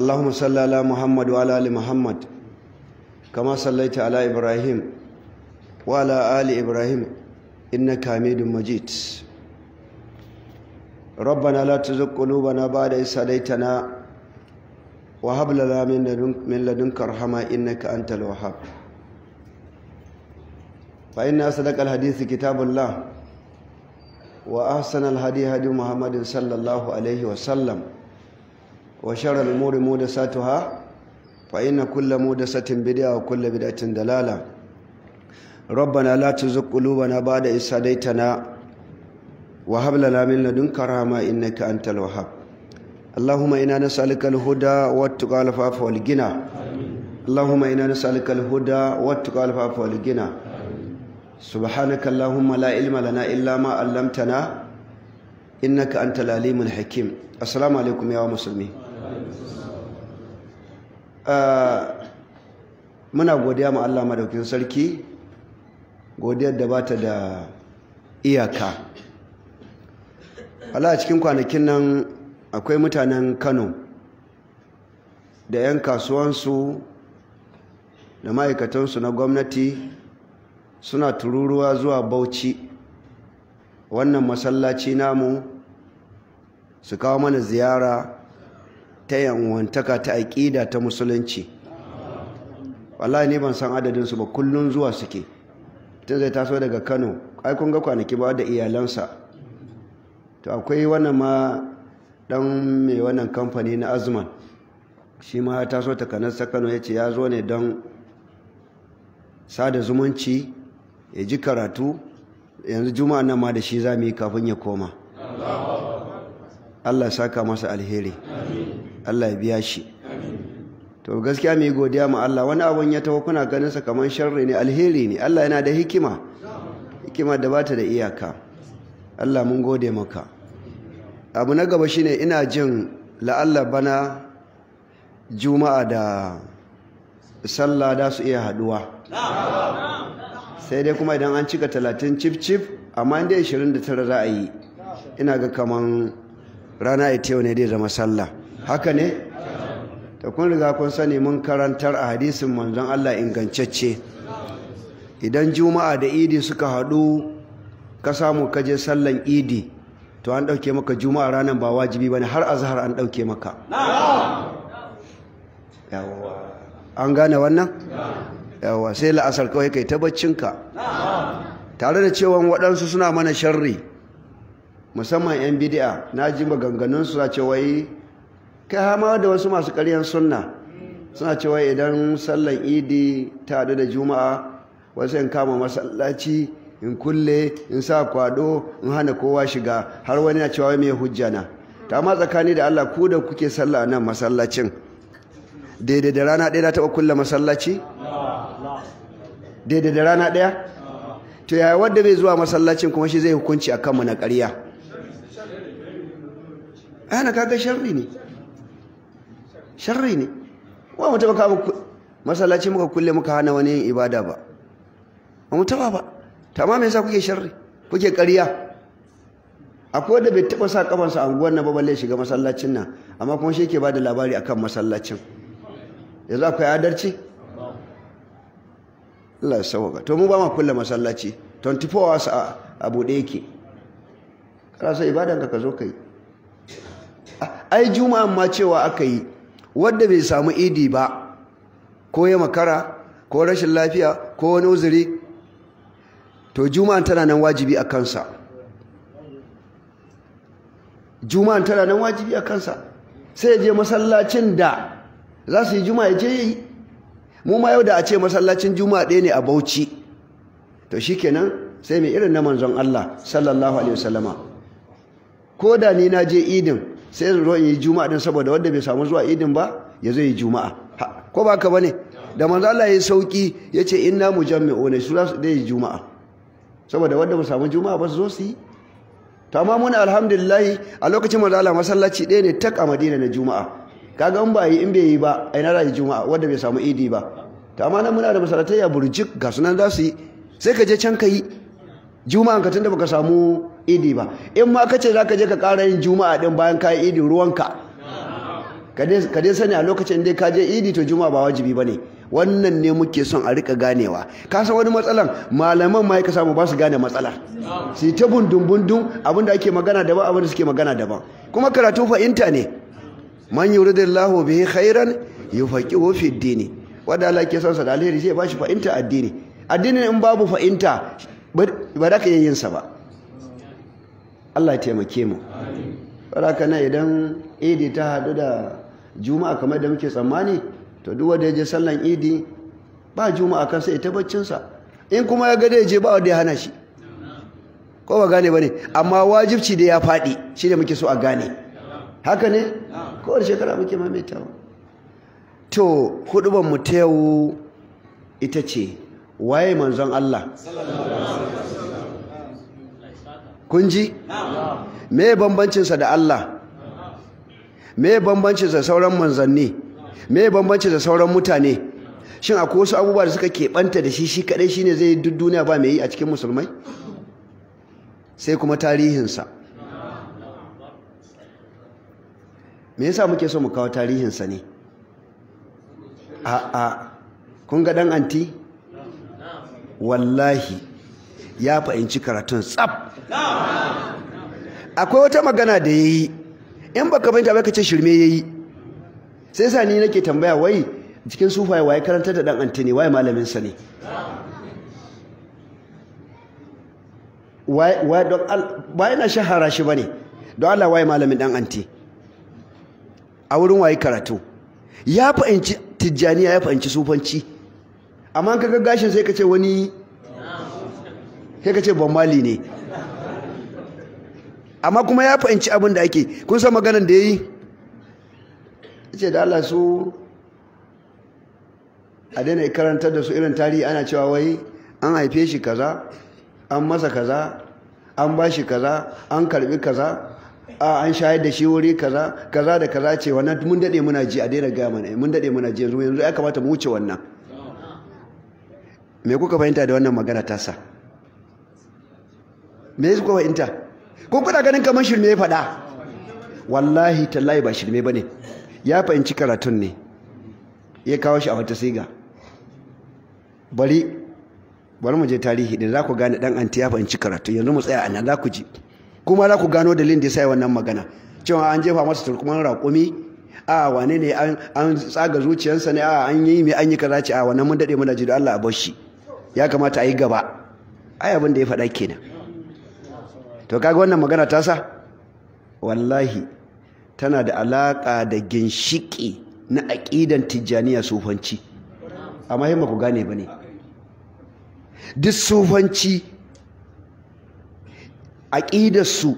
اللهم صل على محمد وعلى ال محمد كما صليت على ابراهيم وعلى ال ابراهيم انك حميد مجيد ربنا لا تزغ قلوبنا بعد إذ هديتنا وهب لنا من لدنك من لدنك رحمة إنك أنت الوهاب فإن أصدق الحديث كتاب الله وأحسن الهدي هدي محمد صلى الله عليه وسلم wa sharar muri mu da satu ha fa ina kulla mu da satin bidiya wa kulla bidatin dalala rabbana la tuzuk kulubana ba da isa daitana wa habla la min ladun karama innaka antal wahab اللهم إنا نسألك الهدى والتقى والعفاف والغنى اللهم إنا نسألك الهدى والتقى والعفاف والغنى سبحانك اللهم لا علم لنا إلا ما علمتنا إنك أنت العليم الحكيم السلام عليكم يا مسلمين Uh, muna godiya ma Allah madaukin sarki godiyar da bata da iyaka Allah cikin kwanakin nan akwai mutanen Kano da 'yan kasuwansu da ma'aikatansu na gwamnati suna tururuwa zuwa Bauchi wannan masallaci namu su kawo mana ziyara ta yanwantaka ta aƙida ta musulunci wallahi ne ban san adadinsu ba kullum zuwa suke tun zai taso daga kano ai kun ga kwanaki ba da iyalansa to akwai wannan ma dan mai wannan kamfani na azman shi ma ya taso takanarsa kano ya ce ya zo ne don sada zumunci ya ji karatu yanzu juma'a nan ma da shi za mu yi kafin ya koma Allah saka masa alheri Allah ya biya shi to gaskiya mai godiya ma Allah wani abun ya taho kuna ganin sa kaman sharri ne alheri ne Allah yana da hikima hikima da bata da iyaka Allah mun gode maka abu na gaba shine ina jin la'alla bana juma'a da sallah da su iya haduwa sai dai kuma idan an cika talatin cif cif amma inda 29 za a yi ina ga kaman rana ita yau ne zai zama sallah haka ne ta kun riga kun sani mun karantar a hadisin manzon Allah ingantacce idan juma'a da idi suka haɗu ka samu ka je sallan idi to an ɗauke maka juma'a ranar ba wajibi ba ne har azhar an ɗauke maka an gane wannan yawa sai la'asar kawai kai ta baccinka tare da cewa waɗansu suna mana sharri musamman 'yan bidi'a na ji maganganunsu a ce wai kai hama da wasu masu karyan sunna suna cewa idan sallan idi ta hadu da juma'a wasu yin kama masallaci in kulle in sa kwado in hana kowa shiga har wani na cewa mai hujja na ta ma tsakani da allah ku da kuke sallah nan masallacin daidai da rana ɗaya na taɓa kulle masallaci daidai da rana ɗaya to yaya wadda bai zuwa masallacin kuma shi zai hukunci a kanmu na ƙarya ana kaga sharri ne sharri ne ba mu taba kama masallaci muka kulle muka hana wani yin ibada ba ba mu taba ba ta ma me yasa kuke sharri kuke ƙarya akwai wanda bai taba sa kafansa anguwar na ba balle shiga masallacin nan amma kuma shi yake bada labari akan masallacin yanzu akwai adalci Allah ya sauka to mu ba ma kulle masallaci 24 hours a bude yake kana so ibadanka ka zo kai ai juma'an ma cewa aka yi wadda bai samu idi ba ko ya makara ko rashin lafiya ko wani uzuri to juma'an tana nan wajibi a kansa juma'an tana nan wajibi a kansa sai je masallacin da za su yi juma'a je yi mu ma yau da a ce masallacin juma'a ɗaya ne a bauchi to shi kenan sai mai irin na manzon Allah sallallahu alaihi wasallama ko da ni na je idin sai zo in yi juma'a din saboda wanda bai samu zuwa idin ba ya zai yi juma'a ko ba ka bane da manzo Allah ya sauki ce inna mujammi'una su za su da yi juma'a saboda wanda ba samu juma'a ba su zo su yi to amma muna alhamdulillah a lokacin manzo Allah masallaci ɗaya ne tak a Madina na juma'a kaga in ba yi in bai yi ba ai na rayi juma'a wanda bai samu idi ba to amma nan muna da masallatai a burjik ga sunan za su yi sai ka je can ka yi juma'an ka tunda baka samu idi ba in ma kace ka je ka ƙara yin juma'a din bayan ka yi idi ruwanka ka dai sani a lokacin dai ka je idi to juma'a ba wajibi ba bane wannan ne muke son a rika ganewa ka san wani matsalan malaman ma ka samu ba su gane matsala. su ta bundun bundun abinda ake magana daban abinda suke magana daban kuma karatu fa'inta ne man yuridillahu bihi khairan yufaqihu fi dini wanda Allah ke son sa da alheri sai ba shi fa'inta addini addinin in babu fa'inta ba da ka yin sa ba Allah ya taimake mu baraka na idan idi ta hadu da juma'a kamar da muke tsammani to duk wanda ya je sallan idi ba juma'a kan sai ita baccinsa in kuma ya ga da je ba wanda ya hana shi ko ba gane bane amma wajibci da ya faɗi shi da muke so a gane haka ne kowace shekara muke maimaitawa to hudubar mu ta yau ita ce waye manzon Allah kun ji me bambancinsa da Allah me bambancinsa sauran manzanni me bambancinsa sauran mutane shin akwai wasu abubuwa da suka keɓanta da shi shi kaɗai shi ne zai duk duniya ba mai yi a cikin musulmai sai kuma tarihinsa me yasa muke so mu kawo tarihinsa ne a'a kun ga ɗan anti wallahi ya fahimci karatun tsaf akwai wata magana da ya yi in ba ka fahimta ba ka ce shirme ya yi sai sa ni nake tambaya wai cikin sufaye waye karantar da dan antini waye malamin sa ne waye na ba yana shahara shi ne don Allah waye malamin dan anti a wurin waye karatu ya fahimci tijjaniya ya fahimci sufanci amma kaga gashin sai ka ce wani sai ka ce ban mali ne amma kuma ya fahimci abin da ake kun san maganar da ya yi ce da Allah su a daina karantar da su irin tarihi ana cewa wai an haife shi kaza an masa kaza an ba shi kaza an karbi kaza a an shayar da shi wuri kaza kaza da kaza ce wannan mun dade muna ji a daina gaya mana mun dade muna ji yanzu yanzu ya kamata mu wuce wannan me kuka fahimta da wannan magana tasa me yasa kowa inta? ko kuna ganin kamar shirme ya faɗa wallahi tallahi ba shirme bane ya fahimci karatun ne ya kawo shi a wata siga bari bari mu je tarihi da za ku gane dan anti ya fahimci karatun. yanzu mu tsaya nan za ku ji kuma za ku gano dalilin da ya sa wannan magana cewa an jefa masa turkuman raƙumi a wane ne an tsaga zuciyarsa ne a an yi mai an yi kaza ce a wannan mun daɗe muna ji da Allah a bar shi ya kamata a yi gaba ai abin da ya faɗa kenan to kaga wannan magana ta sa wallahi tana da alaƙa da ginshiki na aƙidan tijjaniya sufanci amma himma ku gane ba ne duk sufanci aƙidarsu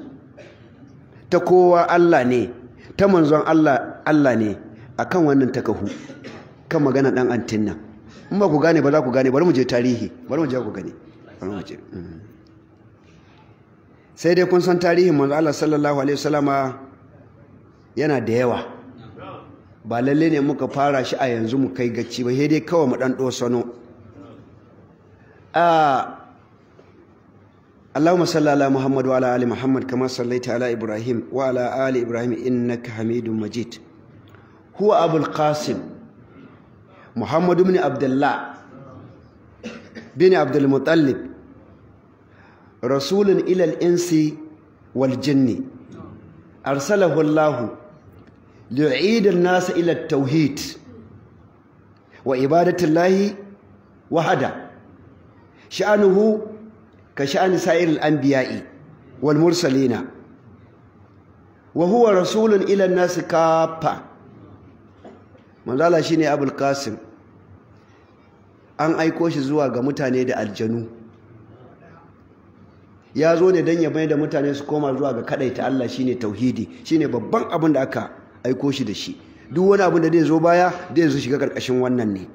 ta kowa Allah ne ta manzon Allah Allah ne akan wannan takahu kan magana ɗan antin nan in ba ku gane ba za ku gane bari mu je tarihi bari mu je ku gane bari mu je mm. sai dai kun san tarihin manzo Allah sallallahu alaihi wasallama yana da yawa ba lalle ne muka fara shi a yanzu mu kai gacci ba sai dai kawai mu dan dosano a اللهم صل على محمد وعلى ال محمد كما صليت على ابراهيم وعلى ال ابراهيم انك حميد مجيد هو ابو القاسم محمد بن عبد الله بن عبد المطلب rasulun ilal insi wal jinni arsalahu Allah li'idin nasa ila tauhid wa ibadatullahi wahada sha'anuhu ka sha'ani sa'iril anbiya'i wal mursalina wa huwa rasulun ila nasi kafa manzala shine abul qasim an aiko shi zuwa ga mutane da aljanu ya zo ne don ya bai da mutane su koma zuwa ga ta Allah shine tauhidi shine babban abin da aka aiko shi da shi duk wani abin da zai zo baya zai zo shiga karkashin wannan ne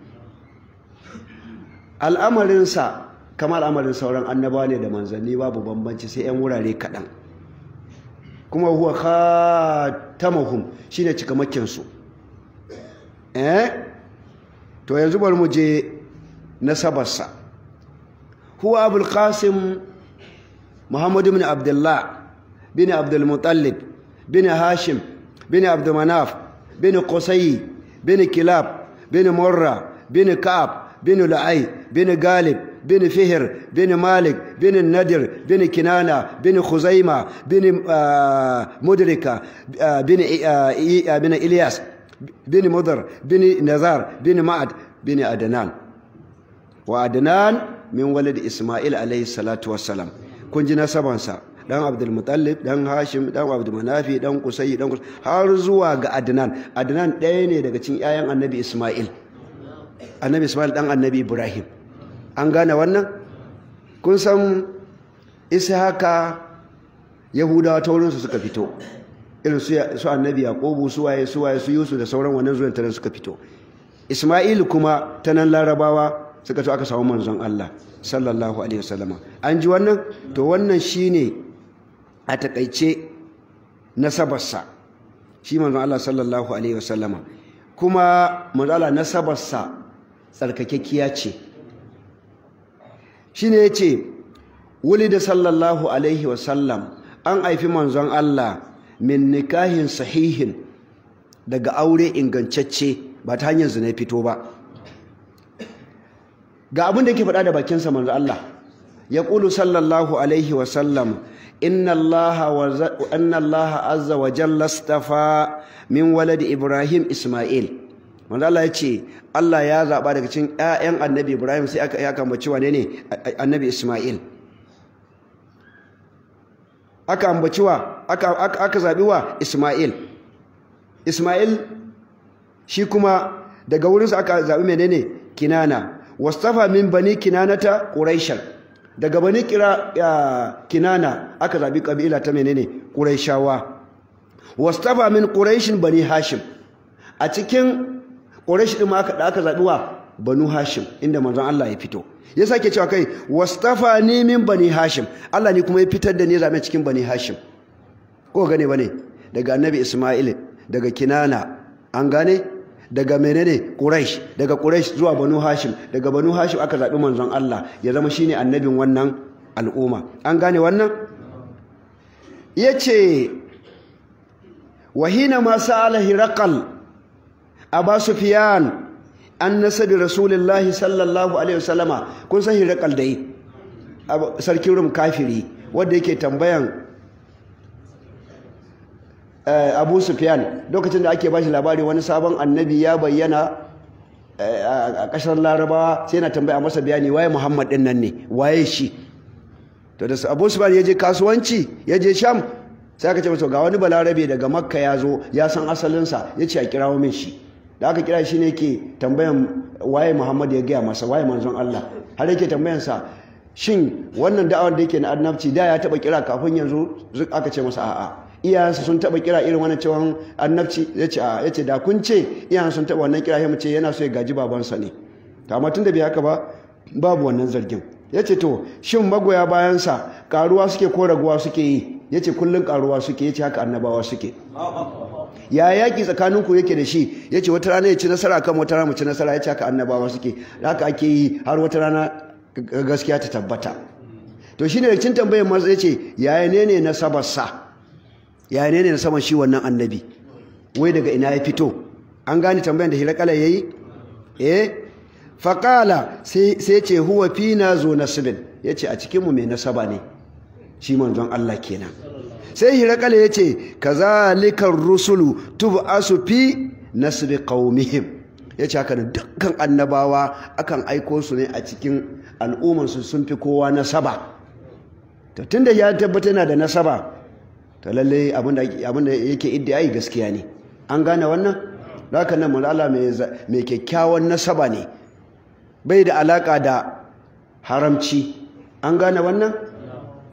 al'amarinsa kamar al'amarin sauran annaba ne da manzanni babu bambanci sai 'yan wurare kaɗan kuma huwa khatamahum shine cikamakin su eh to yanzu bari mu je na sabarsa. huwa abul qasim muhammadu bin abdullah bin abdulmutallib bin hashim bin abdulmanaf bin qusay bin kilab bin murra bin ka'ab bin la'ai bin galib bin fihir bin malik bin nadir bin kinana bin khuzaima bin uh, mudrika uh, uh, bin ilyas bin mudar bin nazar bin ma'ad bin adnan wa adnan min walid isma'il alayhi salatu wassalam kun ji nasabansa dan abdulmutallib dan hashim dan abdulmanafi dan kusayi dan har zuwa ga adnan adnan ɗaya ne daga cikin ƴaƴan annabi isma'il annabi isma'il dan annabi ibrahim an gane wannan kun san ishaka yahudawa ta wurinsu suka fito irin su annabi yaqubu su waye su waye su yusuf da sauran wannan zuwan tare suka fito isma'il kuma ta nan larabawa suka to aka samu manzon allah sallallahu alaihi wasallama an ji wannan to wannan shine a takaice nasabarsa shi manzon Allah sallallahu alaihi wasallama kuma manzala Allah nasabarsa tsarkakekiya ce shine yace wulida sallallahu alaihi wasallam an haifi manzon Allah min nikahin sahihin daga aure ingantacce ba ta hanyar zina fito ba ga abin da yake faɗa da bakinsa manzo Allah ya ƙulu sallallahu alaihi wa sallam, inna Allah azza wa jalla stafa min waladi Ibrahim Ismail manzo Allah ya ce Allah ya zaɓa daga cikin ƴaƴan annabi Ibrahim sai aka aka ambaci wane ne annabi Ismail aka ambaci wa aka aka zaɓi wa Ismail Ismail shi kuma daga wurinsa aka zaɓi menene Kinana wastafa min bani kinanata quraishan daga bani kira kinana aka zabi kabila ta menene quraishawa wastafa min quraishin bani hashim a cikin quraish din ma aka aka zabi wa banu hashim inda manzon Allah ya fito ya sake cewa kai wastafa ni min bani hashim Allah ne kuma ya fitar da ni zabe cikin bani hashim ko gane bane daga annabi isma'il daga kinana an gane daga menene quraish daga quraish zuwa banu hashim daga banu hashim aka zaɓi manzon Allah ya zama shine annabin wannan al'umma an gane wannan yace wahina ma sa'ala hiraqal su sufyan an nasabi rasulullahi sallallahu alaihi wasallama kun san hiraqal dai sarkin rum kafiri wanda yake tambayan Eh, abu sufyan lokacin da ake bashi labari wani sabon annabi ya bayyana eh, a ƙasar larabawa sai na tambaya masa bayani waye muhammad din nan ne waye shi to da abu sufyan ya je kasuwanci ya je sham sai aka ce masa ga wani balarabe daga makka ya zo ya san asalinsa ya ce a kirawo min shi da aka kira shi ne ke tambayan waye muhammad ya gaya masa waye manzon allah har yake tambayansa shin wannan da'awar da yake na annabci da ya taɓa kira kafin yanzu aka ce masa a'a iyayensu sun taba kira irin wani cewa annabci yace ce da kun ce iyayen sun taba wannan kira mu ce yana so ya gaji babansa ne to tun da bai haka ba babu wannan zargin yace to shin magoya bayansa karuwa suke ko raguwa suke yi ce kullum karuwa suke yace haka annabawa suke ya yaki tsakanin ku yake da shi yace wata rana ya ci nasara kan wata rana mu ci nasara yace haka annabawa suke haka ake yi har wata rana gaskiya ta tabbata to shine da cin tambayar ya yace yaya ne ne sabarsa. ya ne na saman shi wannan annabi wai daga ina ya fito an gane tambayan da hirakala ya yi E, faƙala sai ce huwa na zo na nasibin ya ce a cikinmu mai nasaba ne shi manzon Allah kenan sai hirakala ya ce ka zalikar rusulu asu fi na nasibi ƙaumihim ya ce haka dukkan annabawa akan aiko su ne a cikin al'umarsu sun fi kowa nasaba tun da ya tabbata na da nasaba to lalle abin da yake iddiyayi gaskiya ne an gane wannan haka nan mulala mai kyakkyawan nasaba ne bai da alaka da haramci an gane wannan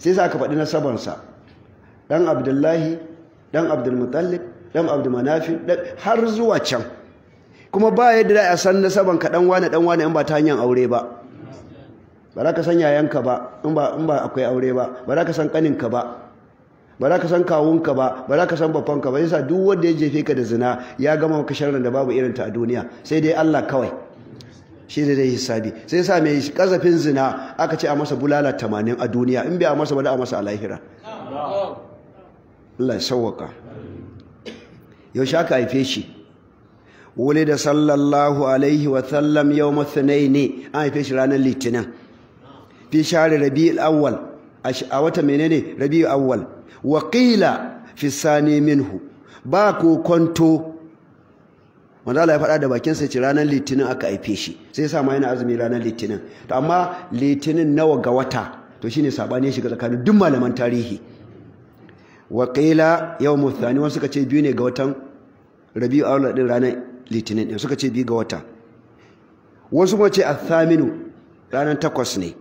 sai sa ka faɗi nasabansa ɗan abdullahi ɗan abdulmutallib ɗan abdulmanafi har zuwa can kuma ba yadda za a san nasaban ka ɗan wane ɗan wane in ba ta hanyar aure ba ba za ka san yayanka ba in ba akwai aure ba ba za ka san ƙaninka ba ba za ka san kawunka ba ba za ka san babbanka ba yasa duk wanda ya jefe ka da zina ya gama maka sharrin da babu irin ta a duniya sai dai Allah kawai shi ne dai hisabi sai yasa mai kazafin zina aka ce a masa bulala tamanin a duniya in bai a masa ba da a masa a lahira Allah ya sauwaka yaushe aka haife shi wuli da sallallahu alaihi wa sallam yau matsanai ne an haife shi ranar litinin fi share rabi'ul awwal a wata menene rabi'u awwal wa qila fi sani minhu ba ko kwanto wanda Allah ya faɗa da bakin sa ce ranar litinin aka haife shi sai sa ma yana azumi ranar litinin to amma litinin nawa ga wata to shine sabani ya shiga tsakanin duk malaman tarihi wa qila yawmu thani wasu suka ce biyu ne ga watan rabi'u awwal din ranar litinin din suka ce biyu ga wata wasu kuma ce athaminu ranar takwas ne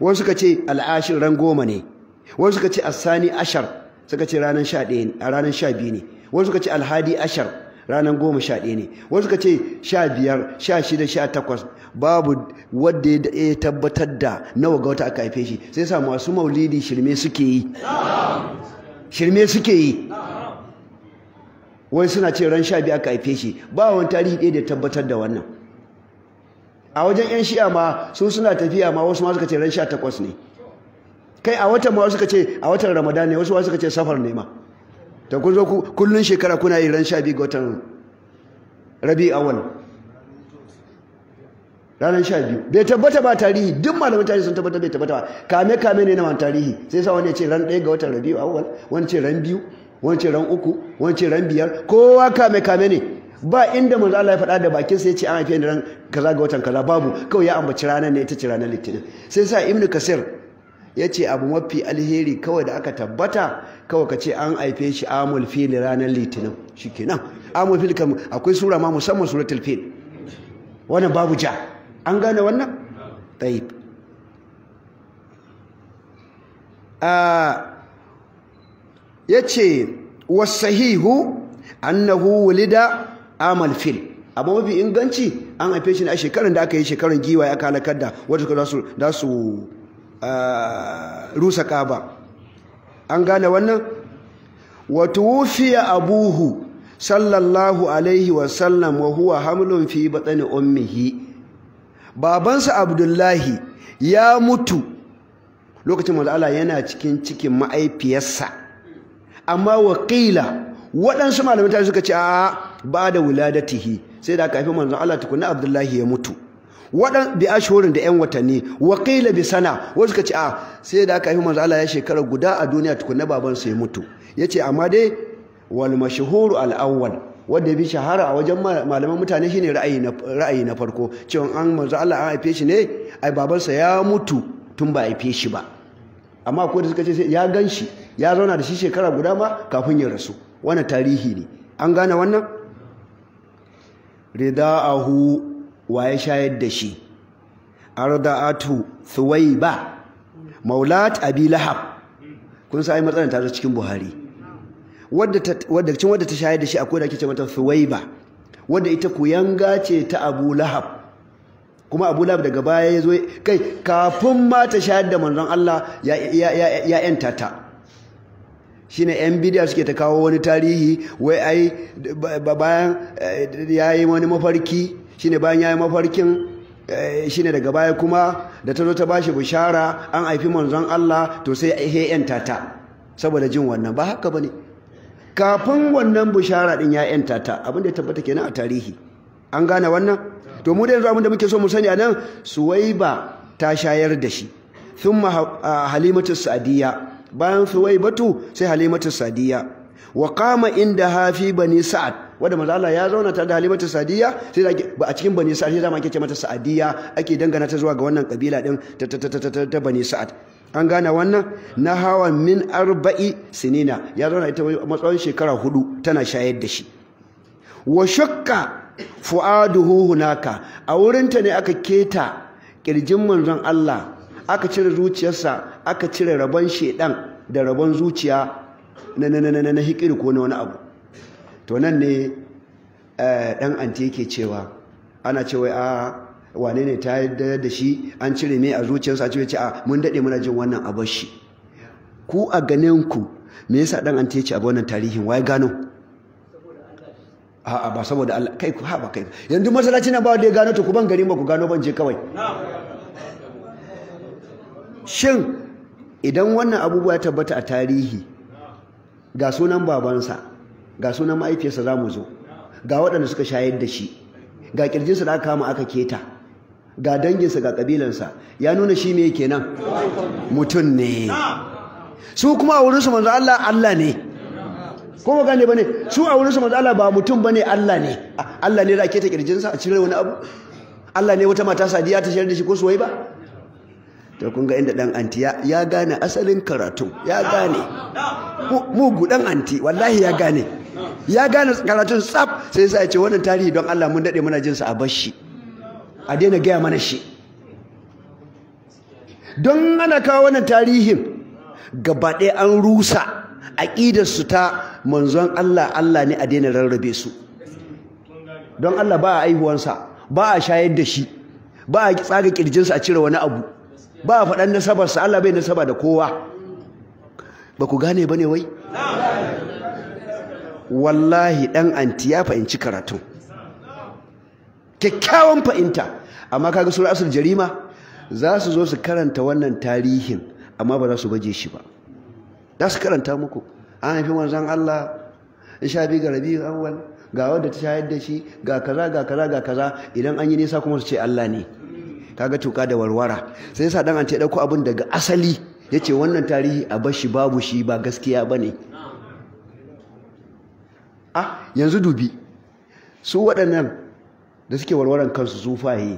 wani suka ce al'ashir ran goma ne wani suka ce asani ashar suka ce ranar sha a ranar sha biyu ne wani suka ce alhadi ashar ranar goma sha ɗaya ne wani suka ce sha biyar sha shida sha takwas babu wadda ya tabbatar da nawa ga wata aka haife shi sai sa masu maulidi shirme suke yi shirme suke yi wai suna ce ran sha biyu aka haife shi ba wani tarihi ɗaya da tabbatar da wannan a wajen yan shi'a ma su suna tafiya ma wasu ma suka ce ran sha takwas ne kai a watan ma suka ce a watan ramadan ne wasu ma suka ce safar ne ma ta kun zo kullun shekara kuna yi ran sha biyu ga watan rabi awal ranar sha biyu bai tabbata ba tarihi duk malamin tarihi sun tabbata bai tabbata ba kame kame ne na man tarihi sai sa wani ya ce ran ɗaya ga watan rabi awal wani ce ran biyu wani ce ran uku wani ce ran biyar kowa kame kame ne ba inda manzo Allah ya faɗa da bakin ya ce an haife ni ran kaza ga watan kaza babu kawai ya ambaci ranar ne ita ce ranar litinin sai sa ibnu kasir ya ce abu mafi alheri kawai da aka tabbata kawai ka ce an haife shi amul fil ranar litinin shikenan amul fil kam akwai sura ma musamman suratul fil wannan babu ja an gane wannan tayyib ah, ya ce wasahihu annahu wulida amal fil abu mafi inganci an haife shi ne a shekarun da aka yi shekarun giwa ya kalakar da wata ka za su rusa kaba an gane wannan wata wufiya abuhu sallallahu alaihi wasallam wa huwa hamlin fi batsani ummihi babansa abdullahi ya mutu lokacin maza'ala yana cikin cikin ma'aifiyarsa amma wakila waɗansu malamai suka ce a ba da wuladatihi sai da kafin manzon Allah tukuna Abdullahi ya mutu wadan bi ashhurin da yan watanni waƙila bi sana wasu ka ce a sai da kafin manzon Allah ya shekara guda a duniya tukuna baban sa ya mutu Ya ce amma dai wal mashhuru al awwal wanda bi shahara a wajen malaman mutane shine ra'ayi na ra'ayi na farko cewa an manzon Allah an haife shi ne ai babansa ya mutu tun ba haife shi ba amma ko da suka ce ya gan shi ya zauna da shi shekara guda ma kafin ya rasu wannan tarihi ne an gane wannan rida'ahu wa ya shayar da shi arda'atu Suwaiba, maulat abi lahab kun sai matsalar ta zo cikin buhari wadda wadda cin wadda ta shayar da shi akwai da ake mata thuwaiba wadda ita yanga ce ta abu lahab kuma abu lahab daga baya ya zo kai kafin ma ta shayar da manzon Allah ya yanta ta shine yan bidiya suke ta kawo wani tarihi wai ai bayan eh, ya yi wani mafarki shine bayan ya yi mafarkin eh, shine daga baya kuma da ta zo ta bashi bishara an haifi manzon Allah to sai ya yanta ta saboda jin wannan ba haka bane kafin wannan bishara din ya yanta ta abin da ya tabbata kenan a tarihi an gane wannan to mu da yanzu da muke so mu sani anan suwaiba ta shayar da shi thumma ah, halimatu sa'diya bayan suwaibatu sai halimatu sadiya wa qama inda hafi bani sa'ad wanda manzo ya zauna ta da halimatu sadiya sai da ba a cikin bani sa'ad sai zama ake ce mata sa'adiya ake dangana ta zuwa ga wannan kabila din ta bani sa'ad an gane wannan na hawa min arba'i sinina ya zauna ita matsayin shekara hudu tana shayar da shi wa shakka fu'aduhu hunaka a wurinta ne aka keta kirjin manzon Allah aka cire zuciyarsa aka cire rabon shedan da rabon zuciya na na na na hikiri ko na wani abu to nan ne eh, dan anti yake cewa ana cewa a wane ne ta yadda da shi an cire mai a zuciyarsa a ce a mun dade muna jin wannan abu shi ku a ganin ku me yasa dan anti yake a wannan tarihin wai gano a'a ba saboda Allah kai ku ha ba kai yanzu masallaci na ba da ya gano to ku ban gari ba ku gano ban je kawai shin idan wannan abubuwa ya tabbata a tarihi ga sunan babansa ga sunan ma'aikiyarsa za mu zo ga waɗanda suka shayar da shi ga ƙirjinsa da aka kama aka keta ga danginsa ga ƙabilansa ya nuna shi me kenan mutum ne su kuma a wurinsu manzo Allah Allah ne ko ba gane bane su a wurinsu manzo Allah ba mutum bane Allah ne Allah ne da keta ƙirjinsa a cire wani abu Allah ne wata mata sadiya ta shayar da shi ko suwai ba to kun ga inda dan ya gane asalin karatu ya gane mugu dan anti wallahi ya gane ya gane karatun tsaf sai sai ya ce wannan tarihi don Allah mun daɗe muna jin sa a bar shi a daina gaya mana shi don ana kawo wannan tarihin gaba ɗaya an rusa aƙidar su ta manzon Allah Allah ne a daina rarrabe su don Allah ba a aihuwansa ba a shayar da shi ba a tsaga kirjinsa a cire wani abu ba faɗan nasabarsa Allah bai nasaba da kowa ba ku gane ba ne wai wallahi ɗan anti ya fahimci karatu. kyakkyawan fahimta amma kaga sura asir jarima za su zo su karanta wannan tarihin amma ba za su baje shi ba za su karanta muku an haifi wanzan Allah sha biyu ga awwal ga wadda ta shayar da shi ga kaza ga kaza ga kaza idan an yi nisa kuma su ce Allah ne kaga tuka da warwara sai yasa dan an ce dauko abin daga asali yace wannan tarihi a bashi babu shi ba gaskiya bane ah yanzu dubi su waɗannan da suke warwaran kansu zufaye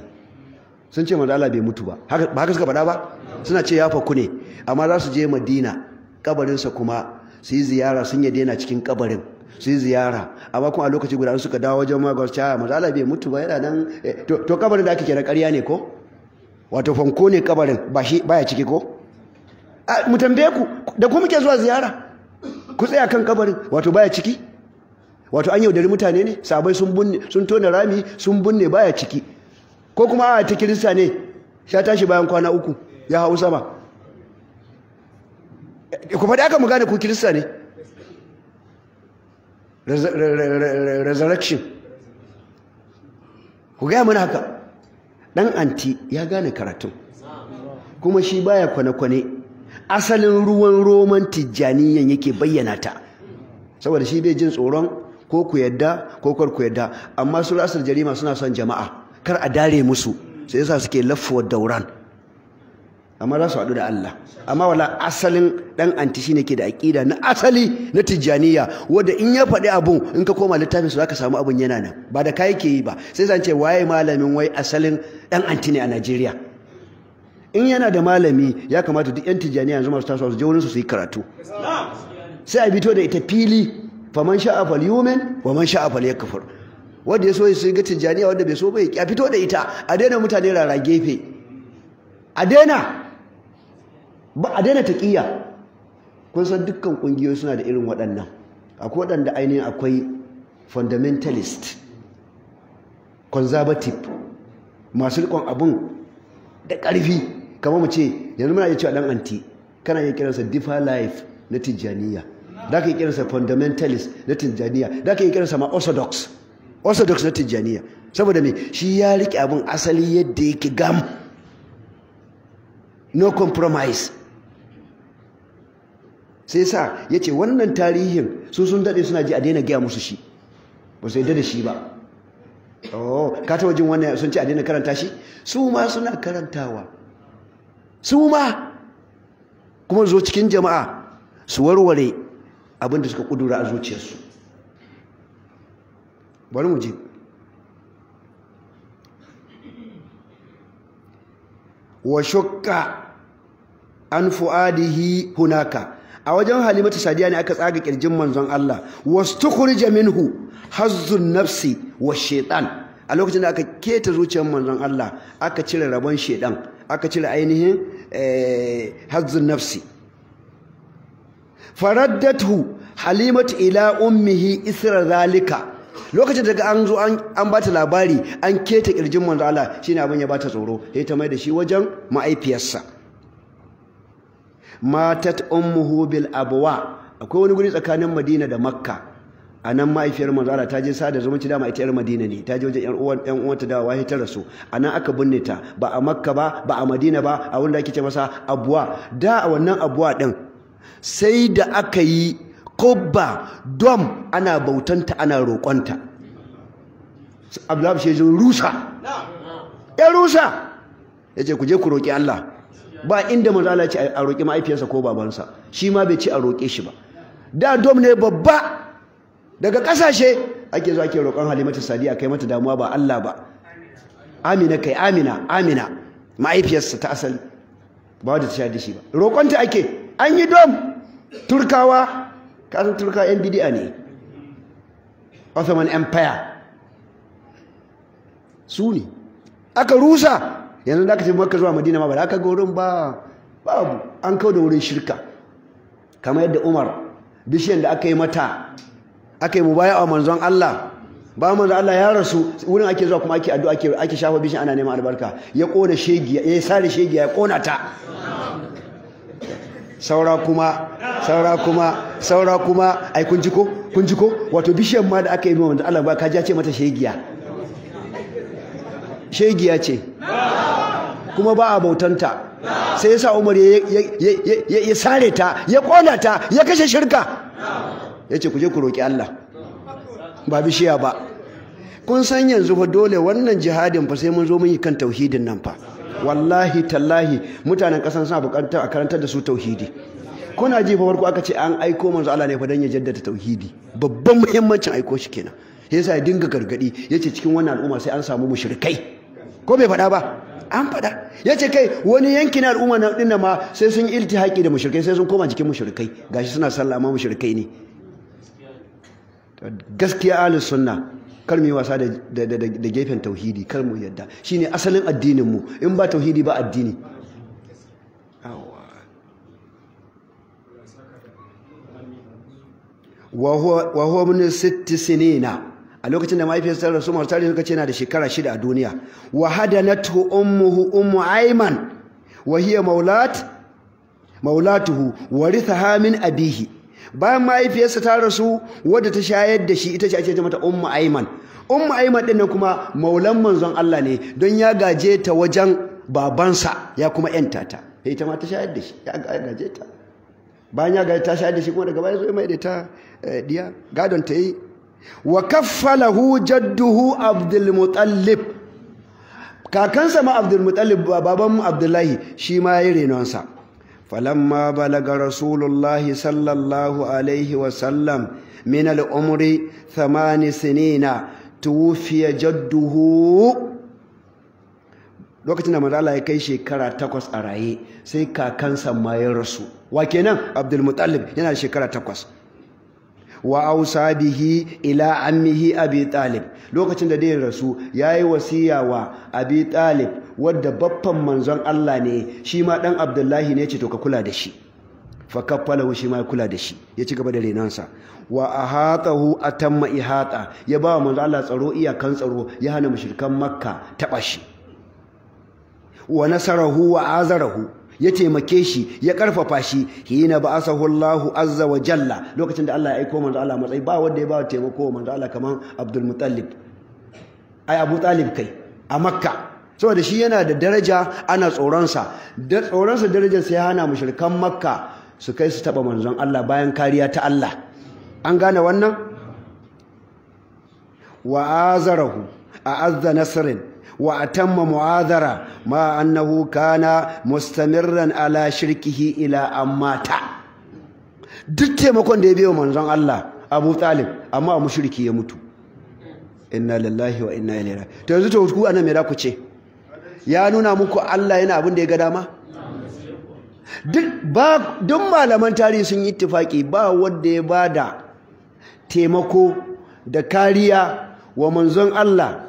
sun ce manzo bai mutu ba ba haka suka faɗa ba suna ce ya faku ne amma za su je Madina kabarinsa kuma su yi ziyara sun ya daina cikin kabarin su yi ziyara amma kuma a lokaci guda suka dawo wajen magwar cewa ah, manzo bai mutu ba yana nan eh, to kabarin da ake kira ƙarya ne ko wato fanko ne kabarin ba shi baya ciki ko mu tambaye ku da ku muke zuwa ziyara ku tsaya kan kabarin wato baya ciki wato an yaudari mutane ne sabai sun bunne sun tona rami sun bunne baya ciki ko kuma a ta kirista ne sha tashi bayan kwana uku ya hau sama eh, ku faɗi aka mu gane ku kirista ne resurrection ku gaya mana haka dan anti ya gane karatun kuma shi baya kwane-kwane asalin ruwan roman tijjaniyan yake bayyana ta saboda shi bai jin tsoron ko ku yadda ko kar ku yadda amma su rasar jarima suna son jama'a kar a dare musu sai yasa suke laffuwar dauran amma za su haɗu da Allah amma wala asalin ɗan anti shi ne ke da aƙida na asali na tijjaniya wadda in ya faɗi abun in ka koma littafin su za ka samu abun yana nan ba da kayi ke yi ba sai zan ce waye malamin wai asalin ɗan anti ne a Najeriya in yana da malami ya kamata duk yan tijjaniya yanzu masu tasowa su je wurinsu su yi karatu sai a bito da ita fili faman sha'afal fal yumin wa man sha'a fal yakfur wanda ya so ya shiga tijjaniya wanda bai so bai ya fito da ita a daina mutane rara gefe a daina ba a daina taqiya kun san dukkan kungiyoyi suna da irin waɗannan akwai waɗanda ainihin akwai fundamentalist conservative masu rikon abun da ƙarfi kamar mu ce yanzu muna yi cewa dan anti kana yi kiransa difa life na tijjaniya da ka iya kiransa fundamentalist na tijjaniya da ka iya kiransa ma orthodox orthodox na tijjaniya saboda mai shi ya rike abin asali yadda yake gam no compromise sai sa ya ce wannan tarihin su sun daɗe suna ji a daina gaya musu shi ba su yadda da shi ba oh ka taba jin wannan sun ci a daina karanta shi su ma suna karantawa su ma kuma zo cikin jama'a su warware abin da suka kudura a zuciyarsu bari mu ji wa shukka an fu'adihi hunaka a wajen halimatu sadiya ne aka tsaga kirjin manzon Allah wastukhrija minhu hazzun nafsi wa a lokacin da aka keta zuciyar manzon Allah aka cire rabon shaitan aka cire ainihin eh, hazzun nafsi faraddathu halimatu ila ummihi isra zalika lokacin daga an zo an bata labari an keta kirjin manzon Allah shine abin ya bata tsoro sai ta mai da shi wajen ma'aifiyarsa matat ummuhu bil abwa akwai wani guri tsakanin madina da makka a nan ma'aifiyar manzara ta je sada zumunci dama ita yar madina ne ta je wajen yan uwan yan uwanta da wahi ta rasu a nan aka binne ta ba a makka ba ba a madina ba a wanda ake ce masa abuwa da a wannan abuwa din sai da aka yi kubba dom ana bautanta ana roƙonta abdullahi shi rusa ya rusa yace ku je ku roƙi allah ba inda manzo Allah ce a roƙi mahaifiyarsa ko babansa shi ma bai ci a roƙe shi ba da dom ne babba daga kasashe ake zo ake roƙon halimatu sadiya kai mata damuwa ba Allah ba amina kai amina amina mahaifiyarsa ta asali ba wadda ta sha shi ba roƙonta ake an yi dom turkawa kasan turkawa yan bidiya ne Ottoman Empire su ne aka rusa yanzu da ka ce maka zuwa madina ma ba da ka ga wurin ba babu an kawo da wurin shirka kamar yadda umar bishiyar da aka yi mata aka yi mubaya a manzon allah ba manzon allah ya rasu wurin ake zuwa kuma ake addu'a ake ake shafa bishiyar ana neman albarka ya kona shegiya ya sare shegiya ya kona ta saura kuma saura kuma saura kuma ai kun ji ko kun ji ko wato bishiyar ma da aka yi manzon allah ba ka ji ce mata shegiya shegiya ce kuma ba a bautanta sai ya sa Umar ya sare ta ya kona ta ya kashe shirka ya ku je ku roƙi Allah ba bishiya ba kun san yanzu fa dole wannan jihadin fa sai mun zo mun yi kan tauhidin nan fa wallahi tallahi mutanen kasan suna bukatar a karantar da su tauhidi kuna ji fa farko aka ce an aiko manzo Allah ne fa dan ya jaddada tauhidi babban muhimmancin aiko shi kenan sai ya dinga gargadi yace cikin wannan al'umma sai an samu mushrikai ko bai faɗa ba an faɗa ya ce kai wani yanki na al'umma na dinna ma sai sun ilti haƙi da mushrikai sai sun koma jikin mushrikai gashi suna sallah amma mushrikai ne gaskiya ahlus sunna kar mu yi wasa da gefen tauhidi kar mu yadda shine asalin addinin mu in ba tauhidi ba addini wa huwa min sitti a lokacin da mahaifiyarsa rasu masu tarihi suka ce na da shekara shida a duniya wa hadanatu ummuhu ummu ayman wa hiya maulat maulatuhu warithaha min abihi bayan mahaifiyarsa ta rasu wadda ta shayar da shi ita ce ake ce mata ummu ayman ummu ayman din nan kuma maulan manzon Allah ne don ya gaje ta wajen babansa ya kuma yanta ta eh, ita ma ta shayar da shi ya gaje ta bayan ya gaje ta shayar da shi kuma daga baya zo ya mai da ta eh, diya gadon ta yi wa kaffalahu jadduhu abdulmutallib kakansa ma abdulmutallib babanmu abdullahi shi ma ya renonsa falamma balaga rasulullahi sallallahu alaihi sallam, min al'umri thamani sinina tuwufiya jadduhu lokacin da mazala ya kai shekara takwas a raye sai kakansa ma ya rasu wa kenan abdulmutallib yana da shekara takwas wa ausa bihi ila ammihi abi talib lokacin da dai rasu yayi wasiya wa abi talib wadda baffan manzon Allah ne shi ma dan abdullahi ne ce to ka kula da shi fa kaffala shi ma kula da shi ya ci gaba da renansa wa ahatahu atamma ihata ya ba manzon Allah tsaro iyakan tsaro ya hana mushrikan makka taba shi wa nasarahu wa azarahu ya taimake shi ya karfafa shi hina ba'asahu Allahu azza wa jalla lokacin da Allah ya aika manzo Allah matsayi ba wanda ya ba taimako manzo Allah kaman Abdul Muttalib ai Abu Talib kai a Makka saboda shi yana da daraja ana tsoronsa da darajar darajarsa ya hana mushrikan Makka su kai su taba manzon Allah bayan kariya ta Allah an gane wannan wa azarahu a azza nasrin وأتم معاذرة ما أنه كان مستمرا على شركه إلى أن مات duk taimakon da ya biyo manzon Allah Abu Talib amma mushriki ya mutu inna lillahi wa inna ilaihi raji'un to yanzu to ku anan me za ku ce ya nuna muku Allah yana abin da ya ga dama duk malaman tarihi sun yi ittifaki ba wanda ya bada taimako da kariya wa manzon Allah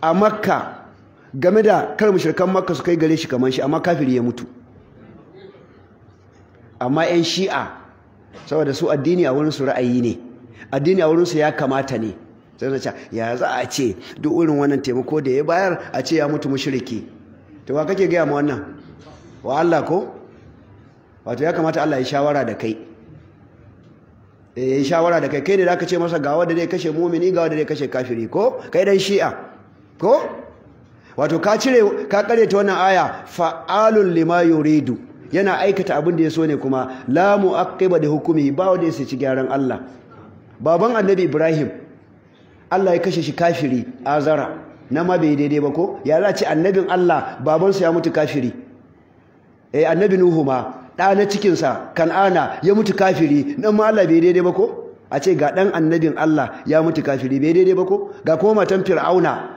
a Makka game da kar mushrikan makka su kai gare shi kamar shi amma kafiri ya mutu amma yan shi'a saboda su addini a wurin su ra'ayi ne addini a wurin su ya kamata ne sai ce ya za a ce duk irin wannan taimako da ya bayar a ce ya mutu mushriki to wa kake gaya ma wannan wa Allah ko wato ya kamata Allah ya shawara da kai eh shawara da kai kai ne da ka ce masa ga wanda zai kashe mumini ga wanda zai kashe kafiri ko kai dan shi'a ko wato ka cire ka karyata wannan aya fa'alun lima yuridu yana aikata abin da ya so ne kuma la mu'aqqiba da hukumi ba wanda ya ci gyaran Allah baban annabi Ibrahim Allah ya kashe shi kafiri azara na ma bai daidai ba ko ya za ce annabin Allah baban babansa ya mutu kafiri eh annabi Nuhu ma ɗa na sa kan'ana ya mutu kafiri nan ma Allah bai daidai ba ko a ce ga ɗan annabin Allah ya mutu kafiri bai daidai ba ko ga kuma matan fir'auna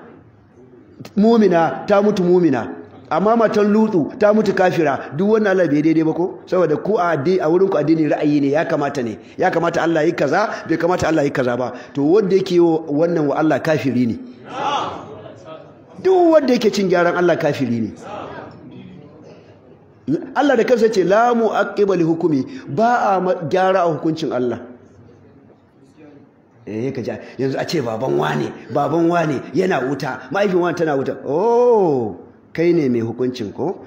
mumina ta mutu mumina amma matan lutsu ta mutu kafira duk wannan Allah bai daidai ba ko saboda ku a addini a wurin ku addini ra'ayi ne ya kamata ne ya kamata Allah yi kaza bai kamata Allah yi kaza ba to wanda yake wannan wa Allah kafiri ne duk wanda yake cin gyaran Allah kafiri ne Allah da kansa ce la mu'aqqiba hukumi ba a gyara a hukuncin Allah eh ka yanzu a ce baban wane baban wane yana wuta mahaifin wani tana wuta oh kai ne mai hukuncin ko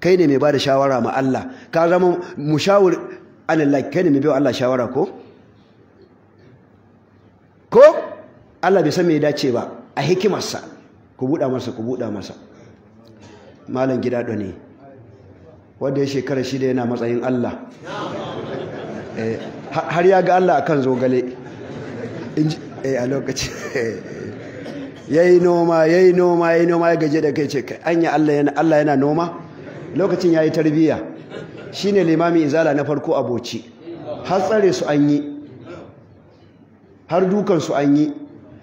kai ne mai ba da shawara ma Allah ka zama mushawir anallah kai ne mai biyo Allah shawara ko ko Allah bai san me dace ba a hikimarsa ku buɗa masa ku buɗa masa malam gida ne wanda ya shekara shida yana matsayin Allah eh, har ya ga Allah akan zogale Eh, a lokaci eh, ya yi noma ya yi noma ya yi noma ya gaje da kai ce anya Allah yana noma lokacin ya yi tarbiyya shi ne limamin izala na farko a boci har tsare su an yi har dukansu an yi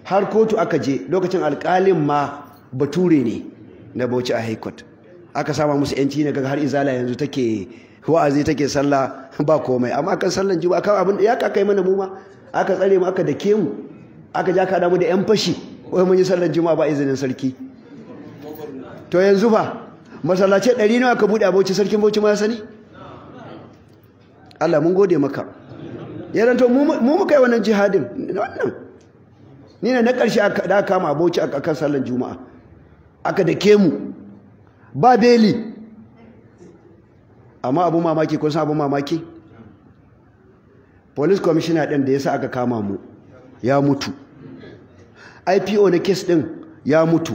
har kotu aka je lokacin alkalin ma bature ne na boci a haikot aka sama musu yanci ne har izala yanzu take wa'azi take sallah ba komai amma kan sallan juma'a kan abin ya kakai mana mu aka tsare mu aka dake mu aka ja ka mu da yan fashi wai mun yi sallar juma'a ba izinin sarki to yanzu fa masallace ɗari nawa aka buɗe abauci sarkin bauchi ma ya sani Allah mun gode maka yaran to mu mu kai wannan jihadin wannan ni ne na aka da aka kama abauci aka kan sallar juma'a aka dake mu ba beli amma abun mamaki kun san abun mamaki police commissioner ɗin da ya sa aka kama mu ya mutu ipo na kes ɗin ya mutu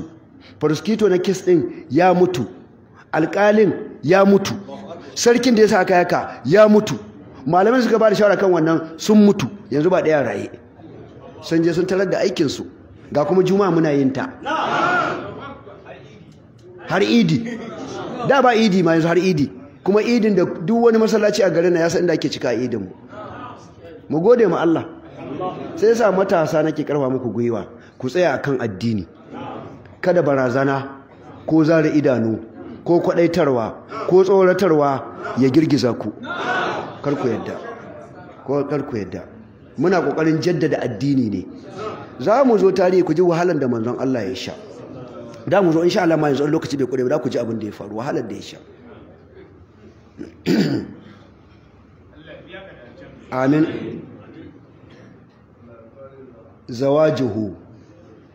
prosecutor na kes ɗin ya mutu alƙalin ya mutu sarkin da ya sa aka yaka ya mutu malamai suka ba da shawara kan wannan sun mutu yanzu ba ɗaya raye sun je sun tarar da aikinsu ga kuma juma'a muna yin ta har idi da ba idi ma yanzu har idi kuma idin da duk wani masallaci a garin na yasa san inda ake cika idin mu mu gode ma Allah sai sa matasa nake karfa muku gwiwa ku tsaya akan addini kada barazana ko zara idanu ko kwadaitarwa ko tsoratarwa ya girgiza ku kar ku yadda ko kar yadda muna kokarin jaddada addini ne za mu zo tarihi ku ji wahalar da manzon Allah ya sha da mu zo insha Allah ma yanzu lokaci bai kure ba da ku ji abin da ya faru wahalar da ya sha amin zawajuhu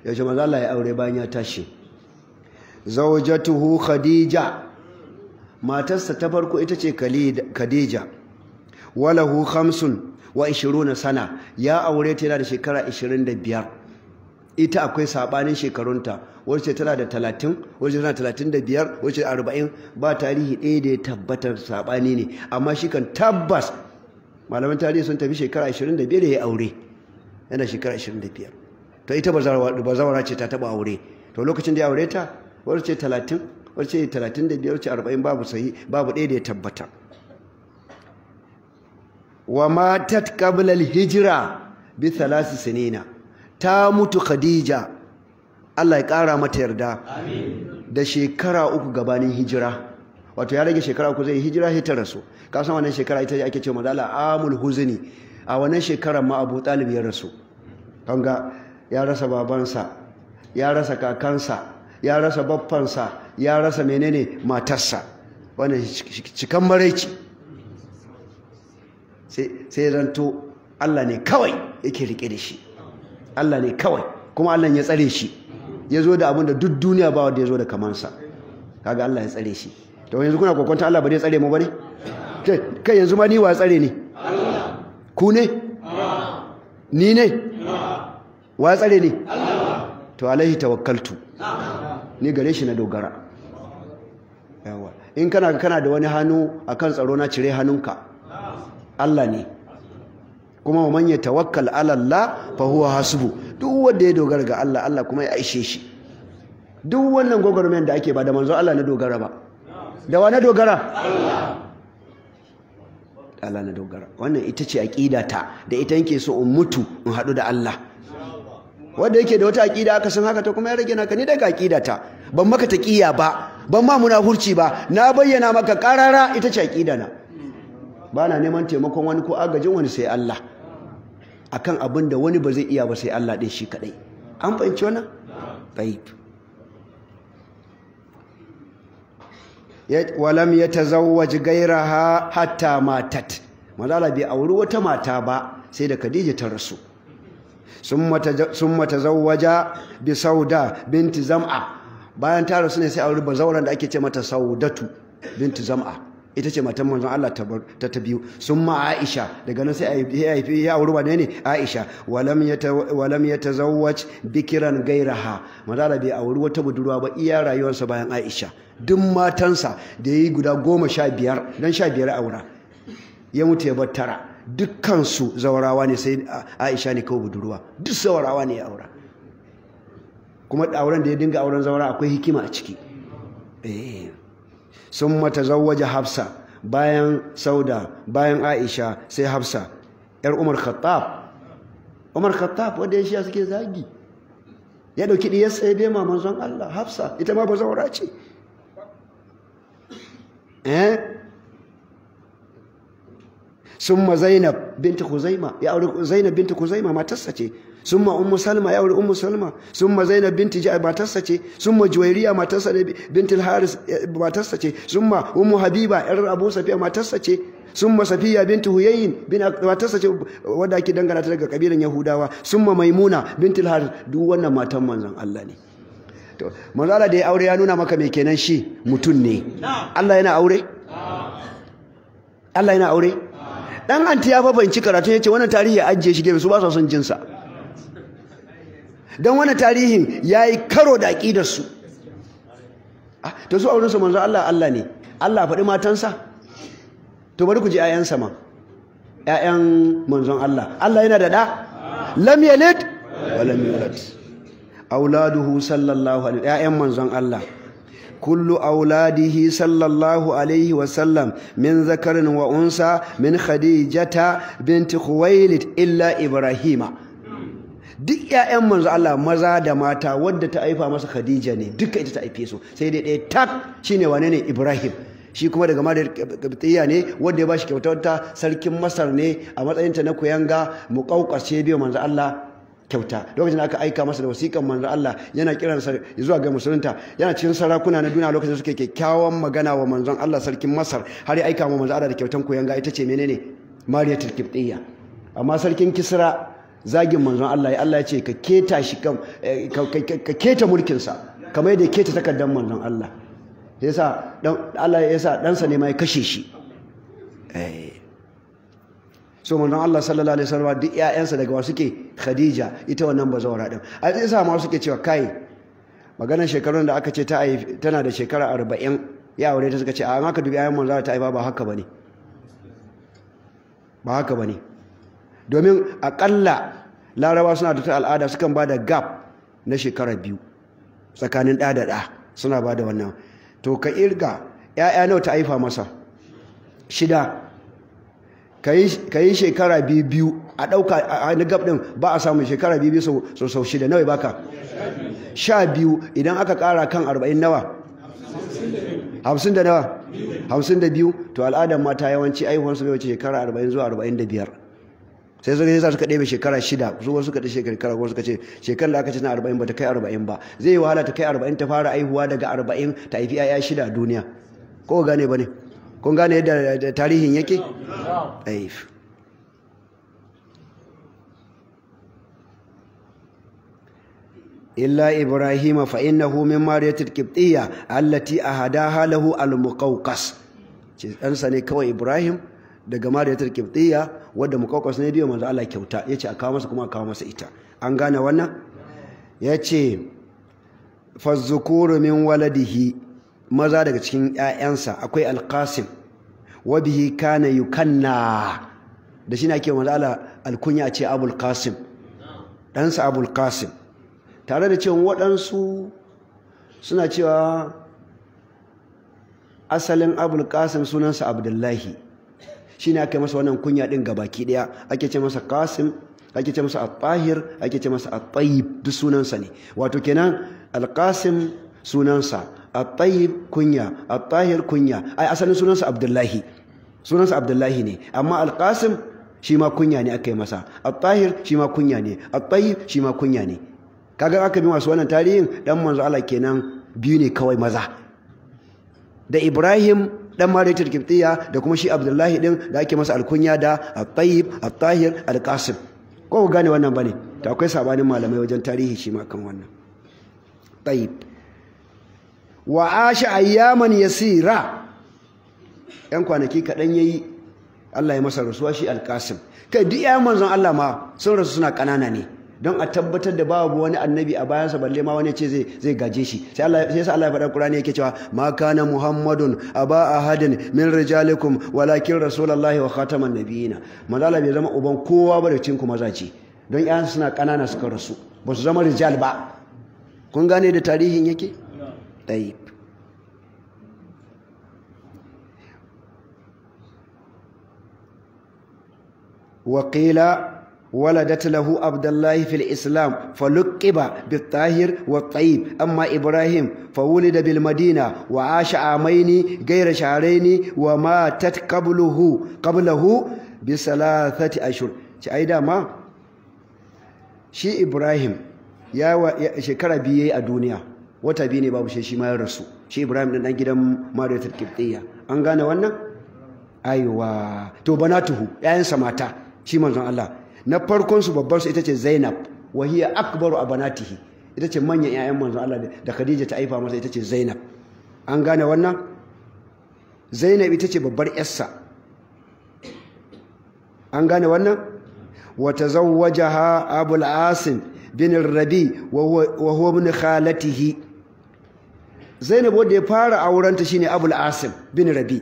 ya ce maza ya aure bayan ya tashi zawajatuhu khadija matarsa ta farko ita ce khadija walahu khamsun wa ishiruna sana ya aure ta yana da shekara 25 ita akwai sabanin shekarunta wacce tana da 30 wacce tana da 35 wacce 40 ba tarihi ɗaya da ya tabbatar sabani ne amma shi kan tabbas malaman tarihi sun tafi shekara 25 da ya aure yana shekara 25 to ita bazawara ce ta taba aure to lokacin da ya aure ta wani ce 30 wani ce 35 wani ce 40 babu sahi babu ɗaya da ya tabbata wa matat qabla hijira bi thalath sinina ta mutu khadija Allah ya kara mata yarda da shekara uku gabanin hijira wato ya rage shekara uku zai hijira hita rasu ka san wannan shekara ita ake ce mazala amul huzni a wannan shekarar ma Abu Talib ya rasu kanga ya rasa babansa ya rasa kakansa ya rasa baffansa ya rasa menene matarsa wannan cikan maraici sai zanto Allah ne kawai yake rike da shi Allah ne kawai kuma Allah ya tsare shi ya zo da abin da duk duniya ba wadda ya zo da kamansa kaga Allah ya tsare shi to yanzu kuna kokonta Allah ba zai tsare mu ba ne kai yanzu ma ni wa tsare ne ku ne ni ne wa tsare ne to alaihi tawakkaltu ni gare shi na dogara yawa in kana kana da wani hannu akan tsaro na cire hannunka Allah ne kuma wa manya tawakkal ala Allah fa huwa hasbu duk wanda ya dogara ga Allah Allah kuma ya aishe shi duk wannan gwagwarmayar da ake ba da manzo Allah na dogara ba da wa na dogara Allah Allah na dogara wannan ita ce aƙida ta da ita yake so in mutu in haɗu da Allah wanda yake da wata aƙida aka san haka ta kuma ya rage naka ni daga aƙida ban maka ta taqiya ba ban ma munafurci ba na bayyana maka karara ita ce aƙida na ba neman taimakon wani ko agajin wani sai Allah akan abin da wani ba zai iya ba sai Allah ɗin shi kaɗai an fahimci wannan walam ya tazawwaj gairaha hatta matat mazala bai auri wata mata ba sai da Khadija ta rasu summa tazawwaja bi Sauda binti Zam'a bayan ta rasu ne sai auri bazauran da ake ce mata Saudatu binti Zam'a ita ce matan manzon Allah ta ta biyu ma Aisha daga nan sai ya haifi ya auri ba ne Aisha walam yata walam yatazawwaj bikiran gairaha madara bai auri wata budurwa ba iya rayuwarsa bayan Aisha duk matansa da yayi guda goma sha biyar dan sha biyar aura ya mutu ya bar tara su zawarawa ne sai Aisha ne kawai budurwa duk zawarawa ne ya aura kuma auren da ya dinga auren zawara akwai hikima a ciki eh. sun mata zawaje hafsa bayan sauda bayan aisha sai hafsa yar umar khattab umar khattab wanda ya suke zagi ya dauki sai ya bema zan Allah hafsa ita ma bazawara ce eh summa zainab binti kuzaima ya aure zainab binti kuzaima matarsa ce summa ummu salma ya aure ummu salma summa zainab binti ja'a matarsa ce summa juwairiya matarsa ne bintul haris ba eh, matarsa ce summa ummu habiba yar abu safiya matarsa ce summa safiya binti huyayin bin matarsa ce wadda ake dangana ta daga kabilan yahudawa summa maimuna bintul haris duk wannan matan manzon Allah ne to manzo da ya aure ya nuna maka mai kenan shi mutum ne Allah yana aure Allah yana aure dan anti ya fa bayanci karatu ce wannan tarihi ya ajiye shi gefe su ba sa son jinsa don wani tarihin ya yi karo da aƙidarsu ah, ta su aurinsu manzo Allah Allah ne Allah faɗi matansa to bari ku ji 'ya'yansa ma 'ya'yan manzon Allah Allah yana da ɗa lam yalid wa lam yulad auladuhu sallallahu alaihi 'ya'yan manzon Allah kullu auladihi sallallahu alaihi wa sallam. min zakarin wa unsa min khadijata binti khuwailid illa ibrahima duk 'ya'yan manzo Allah maza da mata wadda ta haifa masa Khadija ne duka ita ta haife su sai dai ɗaya tak shine wane ne Ibrahim shi kuma daga madar kabtiya ne wanda ya bashi kyauta ta sarkin Masar ne a matsayinta na kuyanga muƙauƙace biyo manzo Allah kyauta lokacin da aka aika masa da wasiƙan manzo Allah yana kiransa zuwa ga musulunta yana cikin sarakuna na duniya lokacin da suke kyakkyawan magana wa manzon Allah sarkin Masar har ya aika wa manzo Allah da kyautan kuyanga ita ce menene Mariyatul Qibtiyya amma sarkin Kisra zagin manzon Allah ya Allah ya ce ka keta shi ka keta mulkinsa kamar yadda keta takardar manzon Allah Ya sa Allah sa ɗansa ne ma ya kashe shi eh. so manzon Allah sallallahu alaihi wasallam duk ƴaƴansa daga wasu ke Khadija ita wannan bazawara din a sa ma ke cewa kai maganar shekarun da aka ce ta tana da shekara arba'in ya aure ta suka ce a amma ka dubi ayyan manzon ta aifa ba haka bane ba haka bane domin akalla larawa suna da ta al'ada sukan ba da gap na shekara biyu tsakanin ɗa da ɗa suna ba da wannan to ka irga ‘ya'ya nawa ta haifa masa shida ka yi shekara biyu biyu a ɗauka a gab ɗin ba a samun shekara biyu biyu sau shida nawa baka sha biyu idan aka ƙara kan arba'in nawa hamsin da nawa hamsin da biyu to al'adar mata yawanci aihuwarsu bai wuce shekara arba'in zuwa arba'in da biyar sai su sai suka ɗebe shekara shida su wasu suka ɗe shekara kuma suka ce shekarar da aka ce na arba'in ba ta kai arba'in ba zai yi wahala ta kai arba'in ta fara aihuwa daga arba'in ta haifi ya shida a duniya ko gane ba ne kun gane yadda tarihin yake illa ibrahima fa innahu min mariyatil qibtiyya allati ahadaha lahu al-muqawqas ce ɗansa ne kawai ibrahim daga mariyatil qibtiyya wadda mukawqas ne biyo manzo Allah kyauta ya ce a kawo masa kuma a kawo masa ita an gane wannan yace fazzukuru min waladihi maza daga cikin yayansa akwai alkasim wa bihi kana yukanna da shi ne ake manzo Allah alkunya ce abul ɗansa abul tare da cewa waɗansu suna cewa asalin abul sunansa abdullahi shine aka masa wannan kunya din gabaki daya ake ce masa qasim ake ce masa at-tahir ake ce masa at-tayyib duk sunansa ne wato kenan al-qasim sunansa at-tayyib kunya at-tahir kunya ai asalin sunansa abdullahi sunansa abdullahi ne amma al-qasim shi ma kunya ne aka yi masa at-tahir shi ma kunya ne at-tayyib shi ma kunya ne kaga aka bi masu wannan tarihin dan manzo Allah kenan biyu ne kawai maza da Ibrahim dan Maritul kiftiya da kuma shi Abdullahi din da ake masa alkunya da At-Tayyib At-Tahir Al-Qasim ko gane wannan bane to akwai sabanin malamai wajen tarihi shi ma kan wannan tayyib wa asha ayyaman yasira yan kwanaki kadan yayi Allah ya masa rasuwa shi Al-Qasim kai duk yayan manzon Allah ma sun rasu suna kanana ne don a tabbatar da babu wani annabi a bayansa balle ma wani ce zai gaje shi sai Allah Allah ya faɗa Qur'ani yake cewa ma kana Muhammadun aba ahadin min rijalikum walakin rasulullahi wa khataman nabiyina malala bai zama uban kowa ba da cinku maza ce don ƴan suna ƙanana suka rasu ba su zama rijal ba kun gane da tarihin yake tayyib wa qila ولدت له عبد الله في الإسلام فلقب بالطاهر والطيب أما إبراهيم فولد بالمدينة وعاش عامين غير شهرين وماتت قبله قبله بثلاثة أشهر أيضا ما شي إبراهيم يا شكرا بيه الدنيا wata biyu ne babu shi ma ya rasu shi Ibrahim din dan gidan Mariyatul Qibtiyya an gane wannan aiwa to banatuhu ƴaƴansa mata shi manzon Allah na farkon su babbar su ita ce Zainab wa hiya a banatihi ita ce manyan ƴaƴan manzon Allah da Khadija ta aifa masa ita ce Zainab an gane wannan Zainab ita ce babbar yarsa an gane wannan wa tazawwajaha Abul Asim bin Rabi wa huwa ibn khalatihi Zainab wanda ya fara aurenta shine Abul Asim bin Rabi'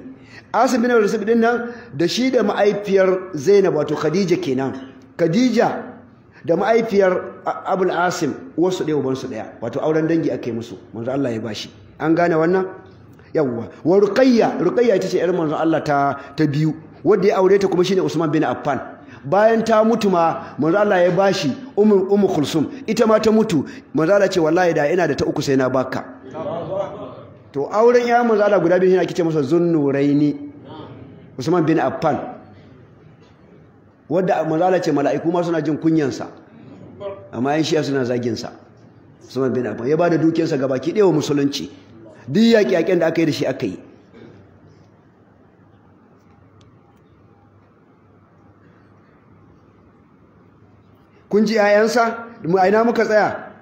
Asim bin Rabi' din nan da shi da ma'aifiyar Zainab wato Khadija kenan Khadija da ma'aifiyar Abul Asim wasu ɗaya su ɗaya wato auren dangi ake musu manzo Allah ya bashi an gane wannan yawwa wa Ruqayya Ruqayya ita ce yar manzo Allah ta ta biyu wanda ya aure ta kuma shine Usman bin Affan bayan ta mutu ma manzo Allah ya bashi ummu ummu Kulsum ita ma ta mutu manzo Allah ce wallahi da ina da ta uku sai na baka to auren ya manzo Allah guda biyu shine ake ce masa zunnuraini Usman bin Affan wadda manzala ce mala'iku ma suna jin kunyansa amma yan shiya suna zaginsa suna bin abin ya ba da sa ga baki ɗewa musulunci duk yaƙi-yaƙen da aka yi da shi aka yi kun ji 'ya'yansa mu aina muka tsaya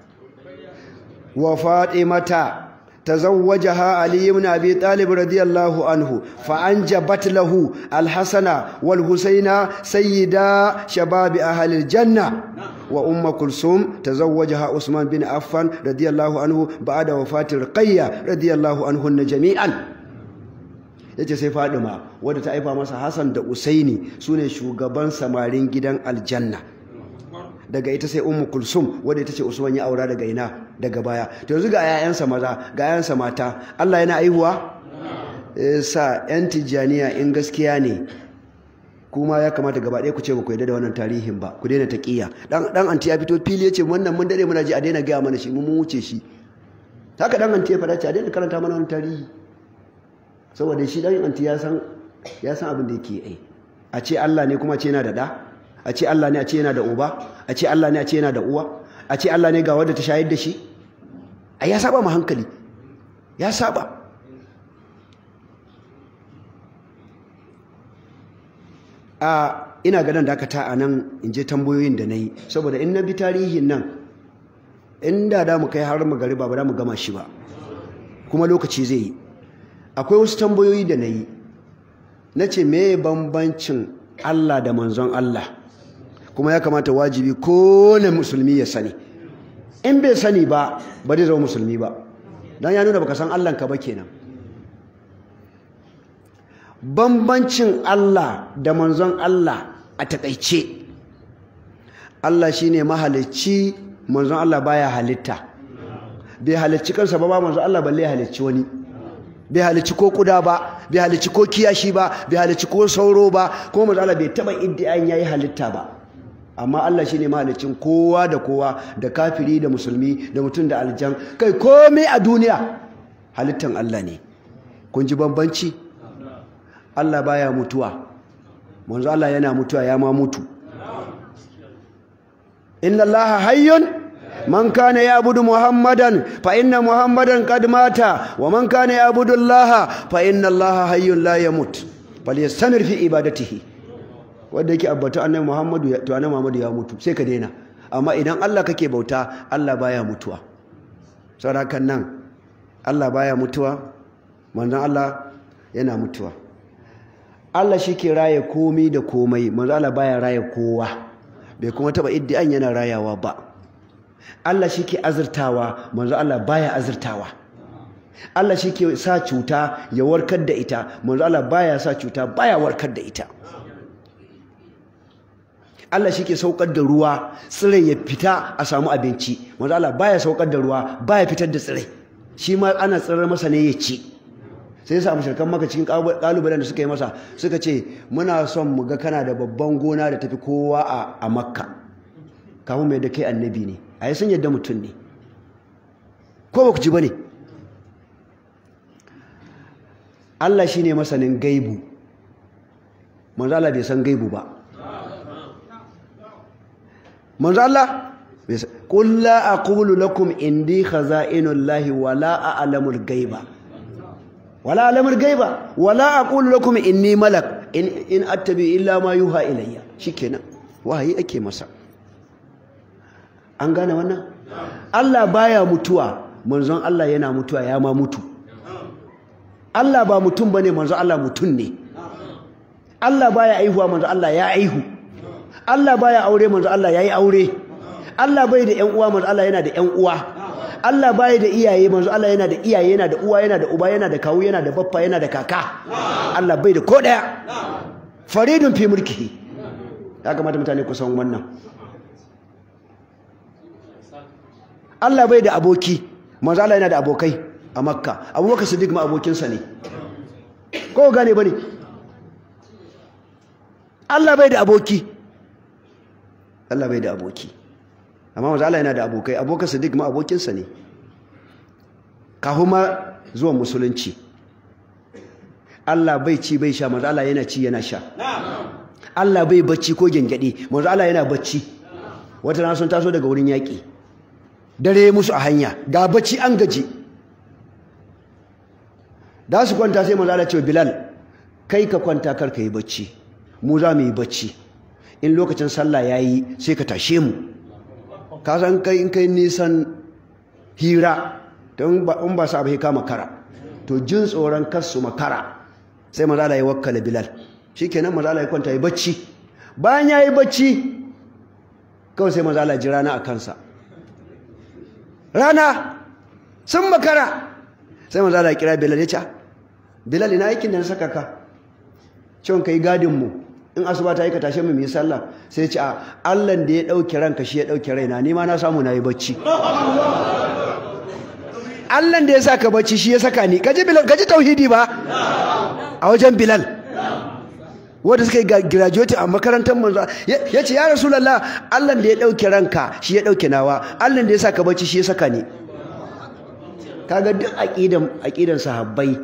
wa faɗi mata تزوجها علي بن أبي طالب رضي الله عنه فأنجبت له الحسن والحسين سيدا شباب أهل الجنة وأم كلثوم تزوجها عثمان بن عفان رضي الله عنه بعد وفاة القية رضي الله عنهن جميعا yace sai Fadima wadda ta haifa masa Hassan da Usaini sune shugaban samarin gidan aljanna daga ita sai ummu kulsum wadda ita ce usman ya aura daga ina daga baya to yanzu ga yayansa maza ga yayansa mata Allah yana aihuwa eh, sa yan tijjaniya in gaskiya ne kuma ya kamata gaba ɗaya ku ce ba ku yarda da wannan tarihin ba ku daina taqiya dan dan anti ya fito fili yace wannan mun dade muna ji a daina gaya mana shi mun wuce shi haka dan anti ya faɗa ce a daina karanta mana wannan tarihi saboda shi dan anti ya san ya san abin da yake yi a ce Allah ne kuma ce yana da da a ce Allah ne a ce yana da uba a ce Allah ne a ce yana da uwa a ce Allah ne ga wanda ta shayar da shi a ya saba ma hankali ya saba a ina ganin dakata a nan in je tambayoyin da na yi saboda in na bi tarihin nan inda da mu kai har magari ba da mu gama shi ba kuma lokaci zai yi akwai wasu tambayoyi da na yi na ce me bambancin Allah da manzon Allah kuma ya kamata wajibi ko kowane musulmi ya sani in bai sani ba ba zai zama musulmi ba don ya nuna baka san Allahnka ba kenan bambancin Allah da manzon Allah a takaice Allah shine mahalicci manzon Allah baya halitta bai halicci kansa ba ba manzon Allah balle halicci wani bai halicci ko kuda ba bai halicci ko kiyashi ba bai halicci ko sauro ba kuma manzon Allah bai taba iddiyan yi halitta ba amma Allah ne mahalicin kowa da kowa da kafiri da musulmi da mutum da aljan kai komai a duniya halittan Allah ne kun ji bambanci Allah baya mutuwa manzo Allah yana mutuwa ya ma mutu inna Allah hayyun man kana ya'budu muhammadan fa inna muhammadan qad mata wa man kana ya'budu allaha fa inna allaha hayyun la yamut falyastanir fi ibadatihi wanda yake abbatu annabi Muhammadu to annabi Muhammadu ya mutu sai ka daina amma idan Allah kake bauta Allah baya mutuwa kan nan Allah baya mutuwa manzon Allah yana mutuwa Allah shi ke raye komai da komai manzon Allah baya raye kowa bai kuma taba iddian yana rayawa ba Allah shi ke azurtawa manzon Allah baya azurtawa Allah shi ke sa cuta ya warkar da ita manzon Allah baya sa cuta baya warkar da ita Allah shi ke saukar da ruwa tsirai ya fita a samu abinci manzo Allah baya saukar da ruwa baya fitar da tsirai shi ma ana tsirar masa ne ya ci sai sa mushrikan maka cikin kalubalen da suka yi masa suka ce muna son mu ga kana da babban gona da tafi kowa a makka Kamu mai da kai annabi ne a yi sun yadda mutum ne ko ba ku ji ba ne Allah shi ne masanin gaibu manzo Allah bai san gaibu ba manzo Allah qul la aqulu lakum indi khaza'inullahi wa la a'lamul ghaiba wala alamul gaiba wala aqulu lakum inni malak in in attabi illa ma yuha ilayya shikenan wahayi ake masa an gane wannan Allah baya mutuwa manzon Allah yana mutuwa ya ma mutu Allah ba mutum bane manzon Allah mutum ne Allah baya aihuwa manzon Allah ya aihu Allah baya aure manzo Allah yayi aure Allah bai da ƴan uwa manzo Allah yana da ƴan uwa Allah baya da iyaye manzo Allah yana da iyaye yana da uwa yana da uba yana da kawu yana da baffa yana da kaka Allah bai da ko daya faridun fi mulki. ya kamata mutane ku san wannan Allah bai da aboki manzo Allah yana da abokai a Makka Abubakar Siddiq ma abokinsa ne ko gane bane Allah bai da aboki Allah bai da aboki amma wanzu Allah yana da abokai abokan duk ma abokinsa ne kahuma zuwa musulunci Allah bai ci bai sha manzo Allah yana ci yana sha Allah bai bacci ko gengede manzo Allah yana bacci wata rana sun taso daga wurin yaƙi dare musu a hanya ga bacci an gaji da su kwanta sai manzo Allah ce Bilal kai ka kwanta kar ka yi bacci mu za mu yi bacci in lokacin sallah yi sai ka tashe mu ka san kai in kai nisan hira ta in ba su abu ka makara to jin tsoron kasu su makara sai maza ya wakkala Bilal shikenan maza Allah yi kwanta ya bacci bayan yayi bacci kawai sai maza ji rana a kansa rana sun makara sai maza ya kira Bilal ya ca. Ah, Bilal ina aikin da na saka ka cewa ka gadin mu in asuba ta yi ka tashe mu yi sallah sai ce a Allah da ya ɗauki ranka shi ya ɗauki raina ni ma na samu nayi bacci Allan da ya saka bacci shi ya saka ni gaji bilal tauhidi ba a wajen bilal wanda suka yi graduate a makarantar manzo ya ce ya rasulullah allan da ya ɗauki ranka shi ya ɗauki nawa Allah da ya saka bacci shi ya saka ni kaga duk aqidan aqidan sahabbai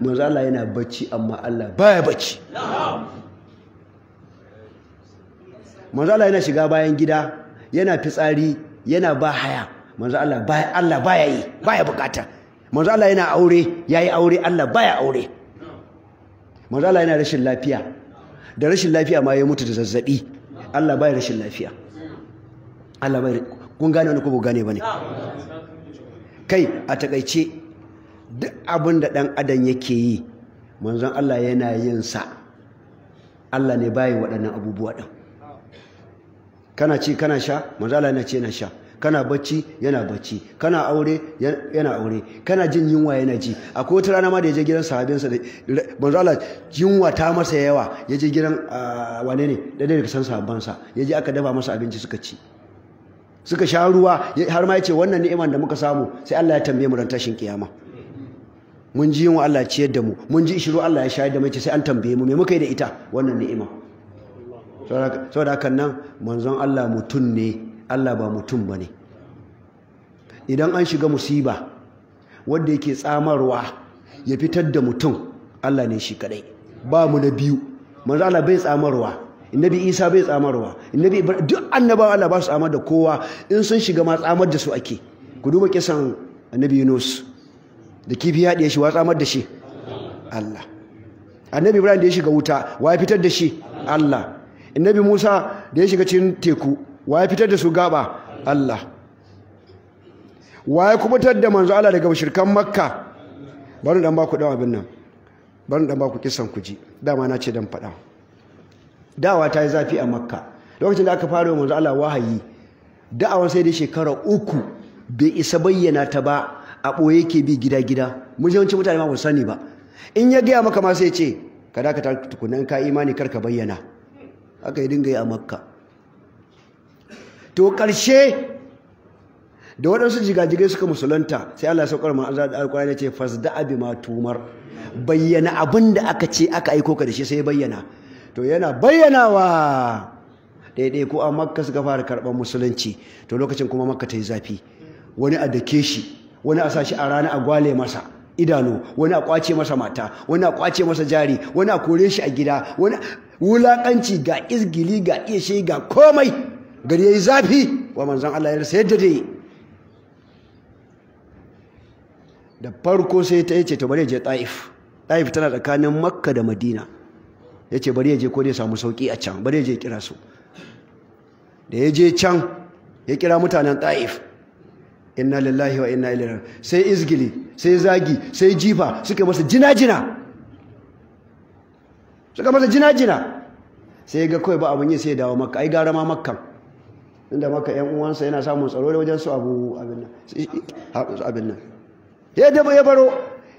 manzo Allah yana bacci amma Allah baya bacci manzo Allah yana shiga bayan gida yana fitsari yana ba haya manzo Allah baya Allah baya yi baya bukata manzo Allah yana aure yayi aure Allah baya aure manzo Allah yana rashin lafiya da rashin lafiya ma ya mutu da zazzabi Allah baya rashin lafiya Allah baya kun gane wani ko gane bane kai a takaice duk abin da dan adam yake yi manzon Allah yana yin sa Allah ne bayi waɗannan abubuwa ɗin kana ci kana sha manzo yana ce yana sha kana bacci yana bacci kana aure yana aure kana jin yunwa yana ji akwai wata rana ma da ya je gidan sahabinsa da manzo Allah yunwa ta masa yawa ya je gidan wane ne da dai san sahabbansa ya je aka dafa masa abinci suka ci suka sha ruwa har ma ya ce wannan ni'iman da muka samu sai Allah ya tambaye mu ran tashin kiyama mun ji yunwa Allah ya ciyar da mu mun ji ishiru Allah ya shayar da mu ce sai an tambaye mu me muka yi da ita wannan ni'ima saboda haka nan manzon Allah mutum ne Allah ba mutum ba ne idan an shiga musiba wanda yake tsamarwa ya fitar da mutum Allah ne shi kadai ba mu na biyu manzon Allah bai tsamarwa annabi Isa bai tsamarwa annabi duk annabawa Allah ba su tsamar da kowa in sun shiga ma tsamar da su ake ku duba kisan annabi Yunus da kifi ya haɗe shi wa tsamar da shi Allah annabi Ibrahim da ya shiga wuta wa ya fitar da shi Allah annabi Musa da ya shiga cikin teku wa ya fitar da su gaba Allah wa ya kubutar da manzo Allah daga mushrikan Makka bari dan baku dawa abin nan bari dan baku kisan ku ji dama na ce dan faɗa dawa ta yi zafi a Makka lokacin da aka fara wa manzo Allah wahayi da'awar sai da shekara uku bai isa bayyana ta ba a ɓoye ke bi gida-gida mun wancan mutane ma ba sani ba in ya gaya maka ma sai ce ka dakata tukunan ka imani kar ka bayyana aka yi dinga yi a makka to ƙarshe da waɗansu jigajigai suka musulunta sai Allah saukar azar da alkwari ya ce fasda abi ma tumar bayyana abin da aka ce aka aiko ka da shi sai bayyana to yana bayyanawa daidai ko a makka suka fara karɓar musulunci to lokacin kuma makka ta yi zafi wani a dake shi wani a sashi a rana a gwale masa idanu wani a kwace masa mata wani a kwace masa jari wani a kore shi a gida Wulaƙanci ga izgili ga shi ga komai gari ya yi zafi wa manzan Allah ya rasa yadda dai da farko sai ta yace ta bari ya je Taif Taif tana tsakanin Makka da Madina ce bari ya je ko dai samu sauki a can bari ya je kira su da ya je can ya kira mutanen Taif inna lillahi wa inna ilaihi sai izgili sai zagi sai jifa suka masa jina-jina suka masa jina-jina sai ga kawai ba abin yi sai dawo makka ai gara ma makkan inda maka yan uwansa yana samun tsaro da wajen su abu abin nan ya dabo ya baro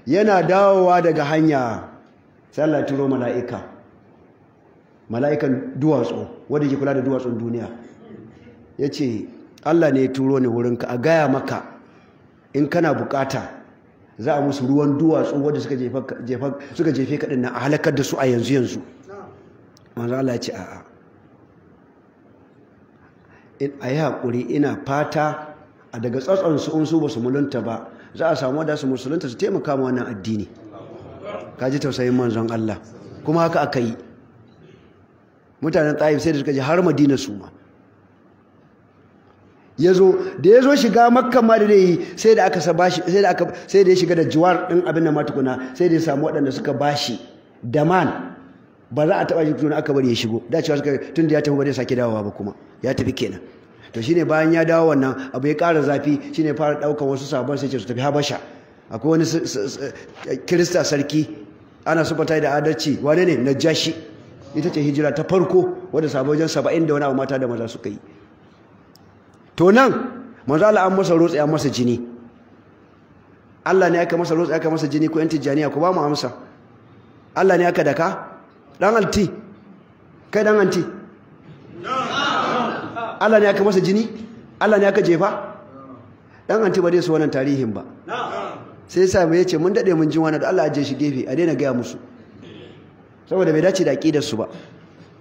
yana dawowa daga hanya sai turo mala'ika mala'ikan duwatsu wanda ke kula da duwatsun duniya ya ce Allah ne ya turo ni wurinka a gaya maka in kana bukata za a musu ruwan duwatsu wanda suka jefe kaɗin na halakar da su a yanzu yanzu manzo Allah ce a'a a yi haƙuri ina fata a daga su in su ba su mulunta ba za a samu wadda su musulunta su taimaka ma wannan addini ka ji tausayin manzon Allah kuma haka aka yi mutanen ta'if sai da suka ji har madina su ma ya zo da ya zo shiga makka ma da yi sai da aka sai da sai da ya shiga da jiwar din abin da matukuna sai da ya samu waɗanda suka bashi daman ba za a taɓa shi tuna aka bari ya shigo da cewa suka tun da ya tafi ba zai sake dawowa ba kuma ya tafi kenan to shine bayan ya dawo wannan abu ya kara zafi shine fara ɗaukar wasu sabon sai ce su tafi habasha akwai wani kirista sarki ana sufata da adalci wane ne najashi ita ce hijira ta farko wadda sabon wajen saba'in da wani abu mata da maza suka yi to nan manzo Allah an masa rotsa ya masa jini Allah ne aka masa rotsa aka masa jini ko yan janiya ko ba mu amsa Allah ne aka daka dan alti kai dan anti Allah ne aka masa jini Allah ne aka jefa dan anti ba dai su wannan tarihin ba sai sa mai yace mun dade mun ji wannan da Allah aje shi gefe a daina gaya musu saboda bai dace da aqidar su ba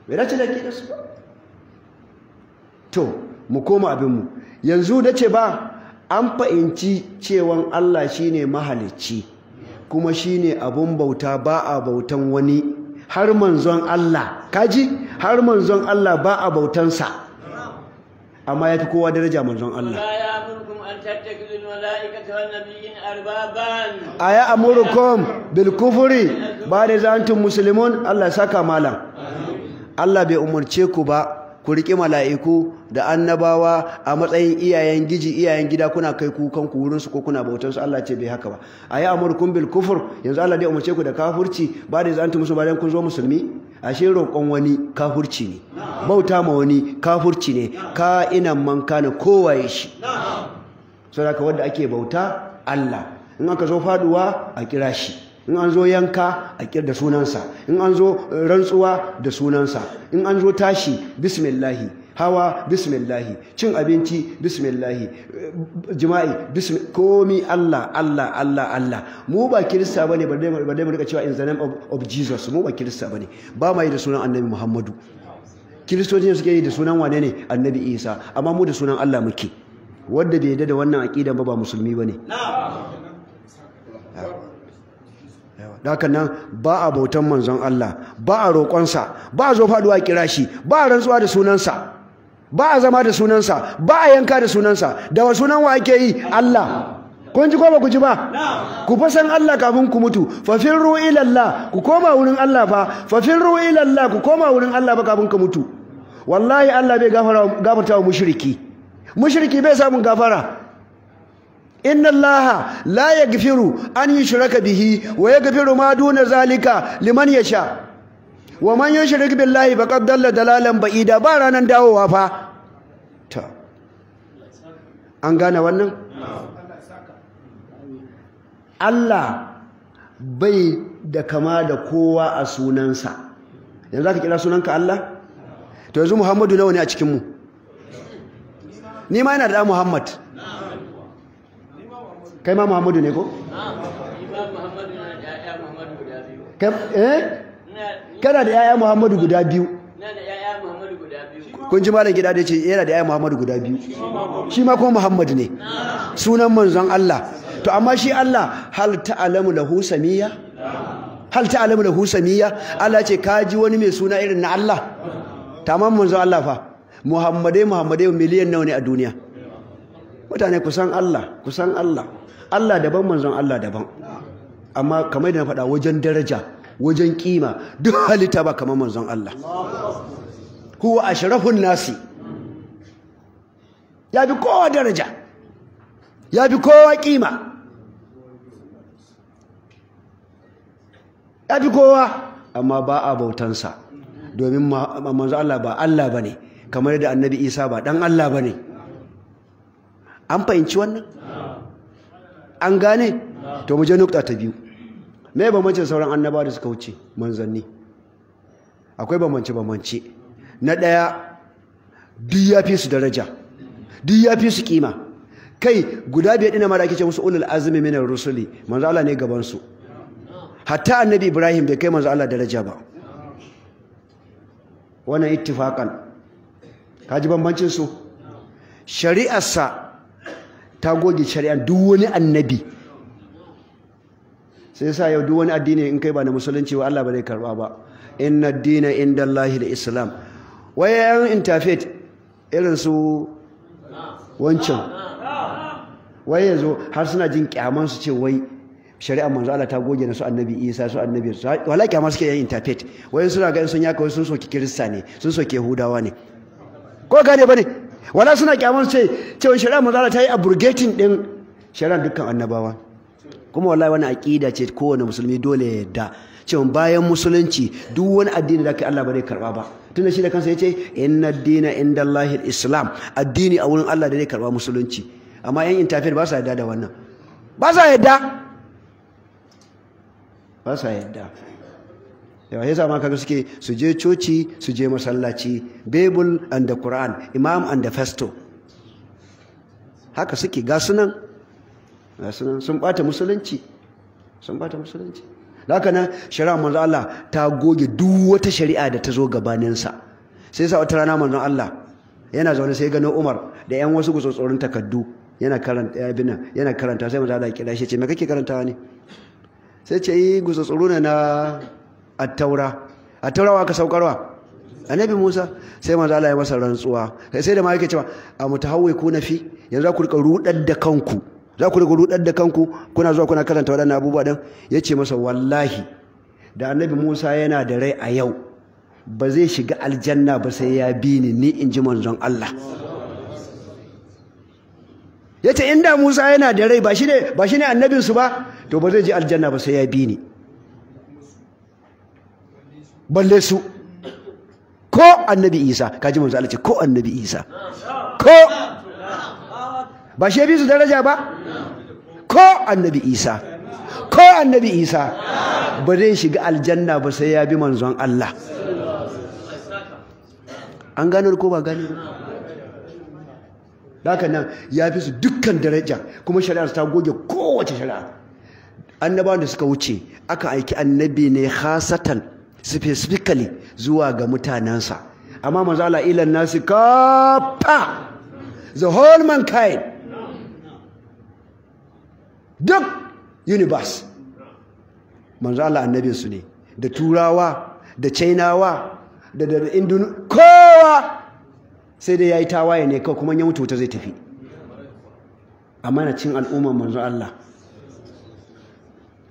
bai dace da aqidar su ba to mu koma abinmu yanzu da ce ba an fahimci cewan Allah shi ne mahalicci kuma shi ne abin bauta ba a bautan wani har manzon Allah kaji har manzon Allah ba a bautansa amma ya fi kowa daraja manzon Allah A amurukum bil bilkufuri ba da zantun musulmin, Allah saka malam Allah bai umarce ku ba ku riƙe mala'iku da annabawa a matsayin iyayen giji iyayen gida kuna kai kukan ku wurinsu ko kuna bautar su Allah ce bai haka ba a yi amurkun bil kufur yanzu Allah dai umarce ku da kafurci ba da zanta musu bayan kun zo musulmi ashe roƙon wani kafurci ne bauta ma wani kafurci ne ka ina man kana kowaye shi saboda wanda ake bauta Allah in aka zo faduwa a kira shi in an zo yanka a da sunansa in an zo eh, rantsuwa da sunansa in an zo tashi bismillahi hawa bismillahi cin abinci bismillahi eh, jima'i komi Allah Allah Allah Allah mu ba kirista ne ba dai mu cewa in the name of Jesus mu ba kirista ba ne. ba yi da sunan annabi Muhammadu kiristoci suke yi da sunan wane ne annabi Isa amma mu da sunan Allah muke Wadda bai yadda da wannan aqida ba ba musulmi ba ne. haka nan ba a bautan manzon Allah ba a roƙonsa ba a zo faduwa kira shi ba a rantsuwa da sunansa ba a zama da sunansa ba a yanka da sunansa da wa sunan wa ake yi Allah kun ji ko ba ku ji ba ku fa san Allah kafin ku mutu fa firru ila Allah ku koma wurin Allah fa fa firru ila Allah ku koma wurin Allah ba kafin ku mutu wallahi Allah bai gafarta wa mushriki mushriki bai samun gafara inna allaha la yaghfiru an yushraka bihi wa yaghfiru ma duna zalika liman yasha wa man yushrik billahi faqad dalla dalalan ba'ida ba ranan dawowa fa ta an gane wannan Allah bai da kama da kowa a sunansa yanzu aka kira sunanka Allah to yanzu Muhammadu nawa ne a cikin mu ni ma yana da Muhammad kai ma muhammadu ne ko? Eh? kana da yaya muhammadu guda biyu kun ji malam gida da ce yana da yaya muhammadu guda biyu shi ma kuma muhammadu ne sunan manzon Allah to amma shi Allah hal ta'lamu lahu samiyya hal ta'lamu lahu samiyya Allah ce ka ji wani mai suna irin na Allah tamam manzon Allah fa muhammadai muhammadai miliyan nawa ne a duniya mutane kusan Allah kusan Allah Allah daban manzon Allah daban amma kamar da na faɗa wajen daraja wajen kima duk halitta ba kamar manzon Allah huwa ashrafun nasi ya bi kowa daraja ya bi kowa kima ya bi kowa amma ba a bautansa domin manzo Allah ba Allah ne kamar da annabi Isa ba dan Allah ba ne an fahimci wannan an gane to mu je nukta ta biyu me bambancin sauran annaba da suka wuce manzanni akwai bambance bambance na ɗaya duk fi su daraja duk fi su kima kai guda biyar ɗina mara ake ce musu ulul azumi minar rusuli manzo Allah ne gaban su hatta annabi Ibrahim bai kai manzo Allah daraja ba wannan ittifaqan kaji bambancin su shari'arsa ta goge shari'an duk wani annabi sai sa yau duk wani addini in kai ba na musulunci ba Allah ba zai karba ba inna dina inda Allahi da Islam wayan interfet irin su wancan wai yanzu har suna jin kyaman su ce wai shari'a manzo Allah ta goge na su annabi Isa su annabi su wala su suke yan interfet Wai suna ga sun yaka sun soki kirista ne sun soki yahudawa ne ko gane bane wala suna kyaman sai cewa shari'a manzala ta yi abrogating din shari'a dukkan annabawa kuma wallahi wani aqida ce kowane musulmi dole ya yadda cewa bayan musulunci duk wani addini da kai Allah ba karba ba tunda shi da kansa yace inna dina indallahi islam addini a wurin Allah da zai karba musulunci amma yan intafir ba sa yadda da wannan ba sa yadda ba sa yadda yawa ya zama kaga suke su je coci su je masallaci bebul and the quran imam and the festo haka suke ga sunan sun bata musulunci sun bata musulunci haka nan shari'a manzo Allah ta goge duk wata shari'a da ta zo gabaninsa sai sa wata rana manzo Allah yana zaune sai ganin Umar da yan wasu gutsotsorin takaddu yana karanta ya bina yana karanta sai manzo Allah ya kira shi ce me kake karantawa ne sai ce yi eh, gutsotsoro na attaura attaura wa ka saukarwa annabi Musa sai manzo Allah ya masa rantsuwa sai da ma yake cewa a na nafi yanzu za ku rika rudar da kanku za ku rika rudar da kanku kuna zuwa kuna karanta waɗannan abubuwa din yace masa wallahi da annabi Musa yana da rai a yau ba zai shiga aljanna ba sai ya bi ni ni in ji manzon Allah yace inda Musa yana da rai ba shi ne ba shi ne annabinsu ba to ba zai ji aljanna ba sai ya bi ni balle su ko annabi isa kaji manzo Allah ce ko annabi isa ko ba shi bi su daraja ba ko annabi isa ko annabi isa ba zai shiga aljanna ba sai ya bi manzon Allah an gano ko ba gano haka nan ya fi su dukkan daraja kuma shari'ar ta goge kowace shari'a annabawan da suka wuce aka aiki annabi ne khasatan specifically zuwa ga mutanensa amma manzo Allah ilan nasi kafa the whole mankind duk universe manzo Allah su ne da turawa da chinawa da da indun kowa sai dai yayi tawaye ne kawai kuma ya mutu ta zai tafi amma na cin al'umma manzo Allah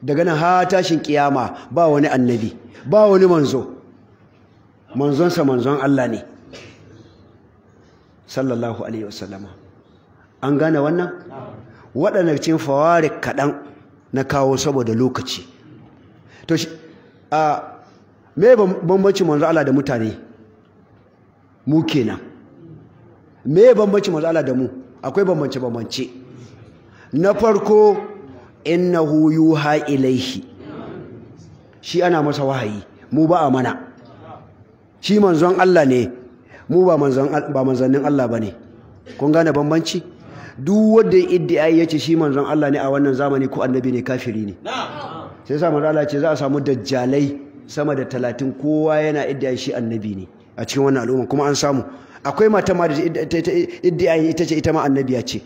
daga nan ha tashin kiyama ba wani annabi ba wani manzo manzonsa manzon Allah ne sallallahu alaihi wasallama an gane wannan waɗannan cin fawari kaɗan na kawo saboda lokaci to a me bambanci manzo Allah da mutane mu kenan me bambanci manzo Allah da mu akwai bambance bambance na farko innahu yuha ilaihi shi ana masa wahayi mu ba a mana shi manzon Allah ne mu ba manzon ba manzannin Allah bane kun gane bambanci duk wanda iddiai yace shi manzon Allah ne a wannan zamani ko annabi ne kafiri ne sai sa manzon Allah ce za a samu dajjalai sama da talatin kowa yana iddiai shi annabi ne a cikin wannan al'umma kuma an samu akwai mata ma da iddiai ita ce ita ma annabiya ce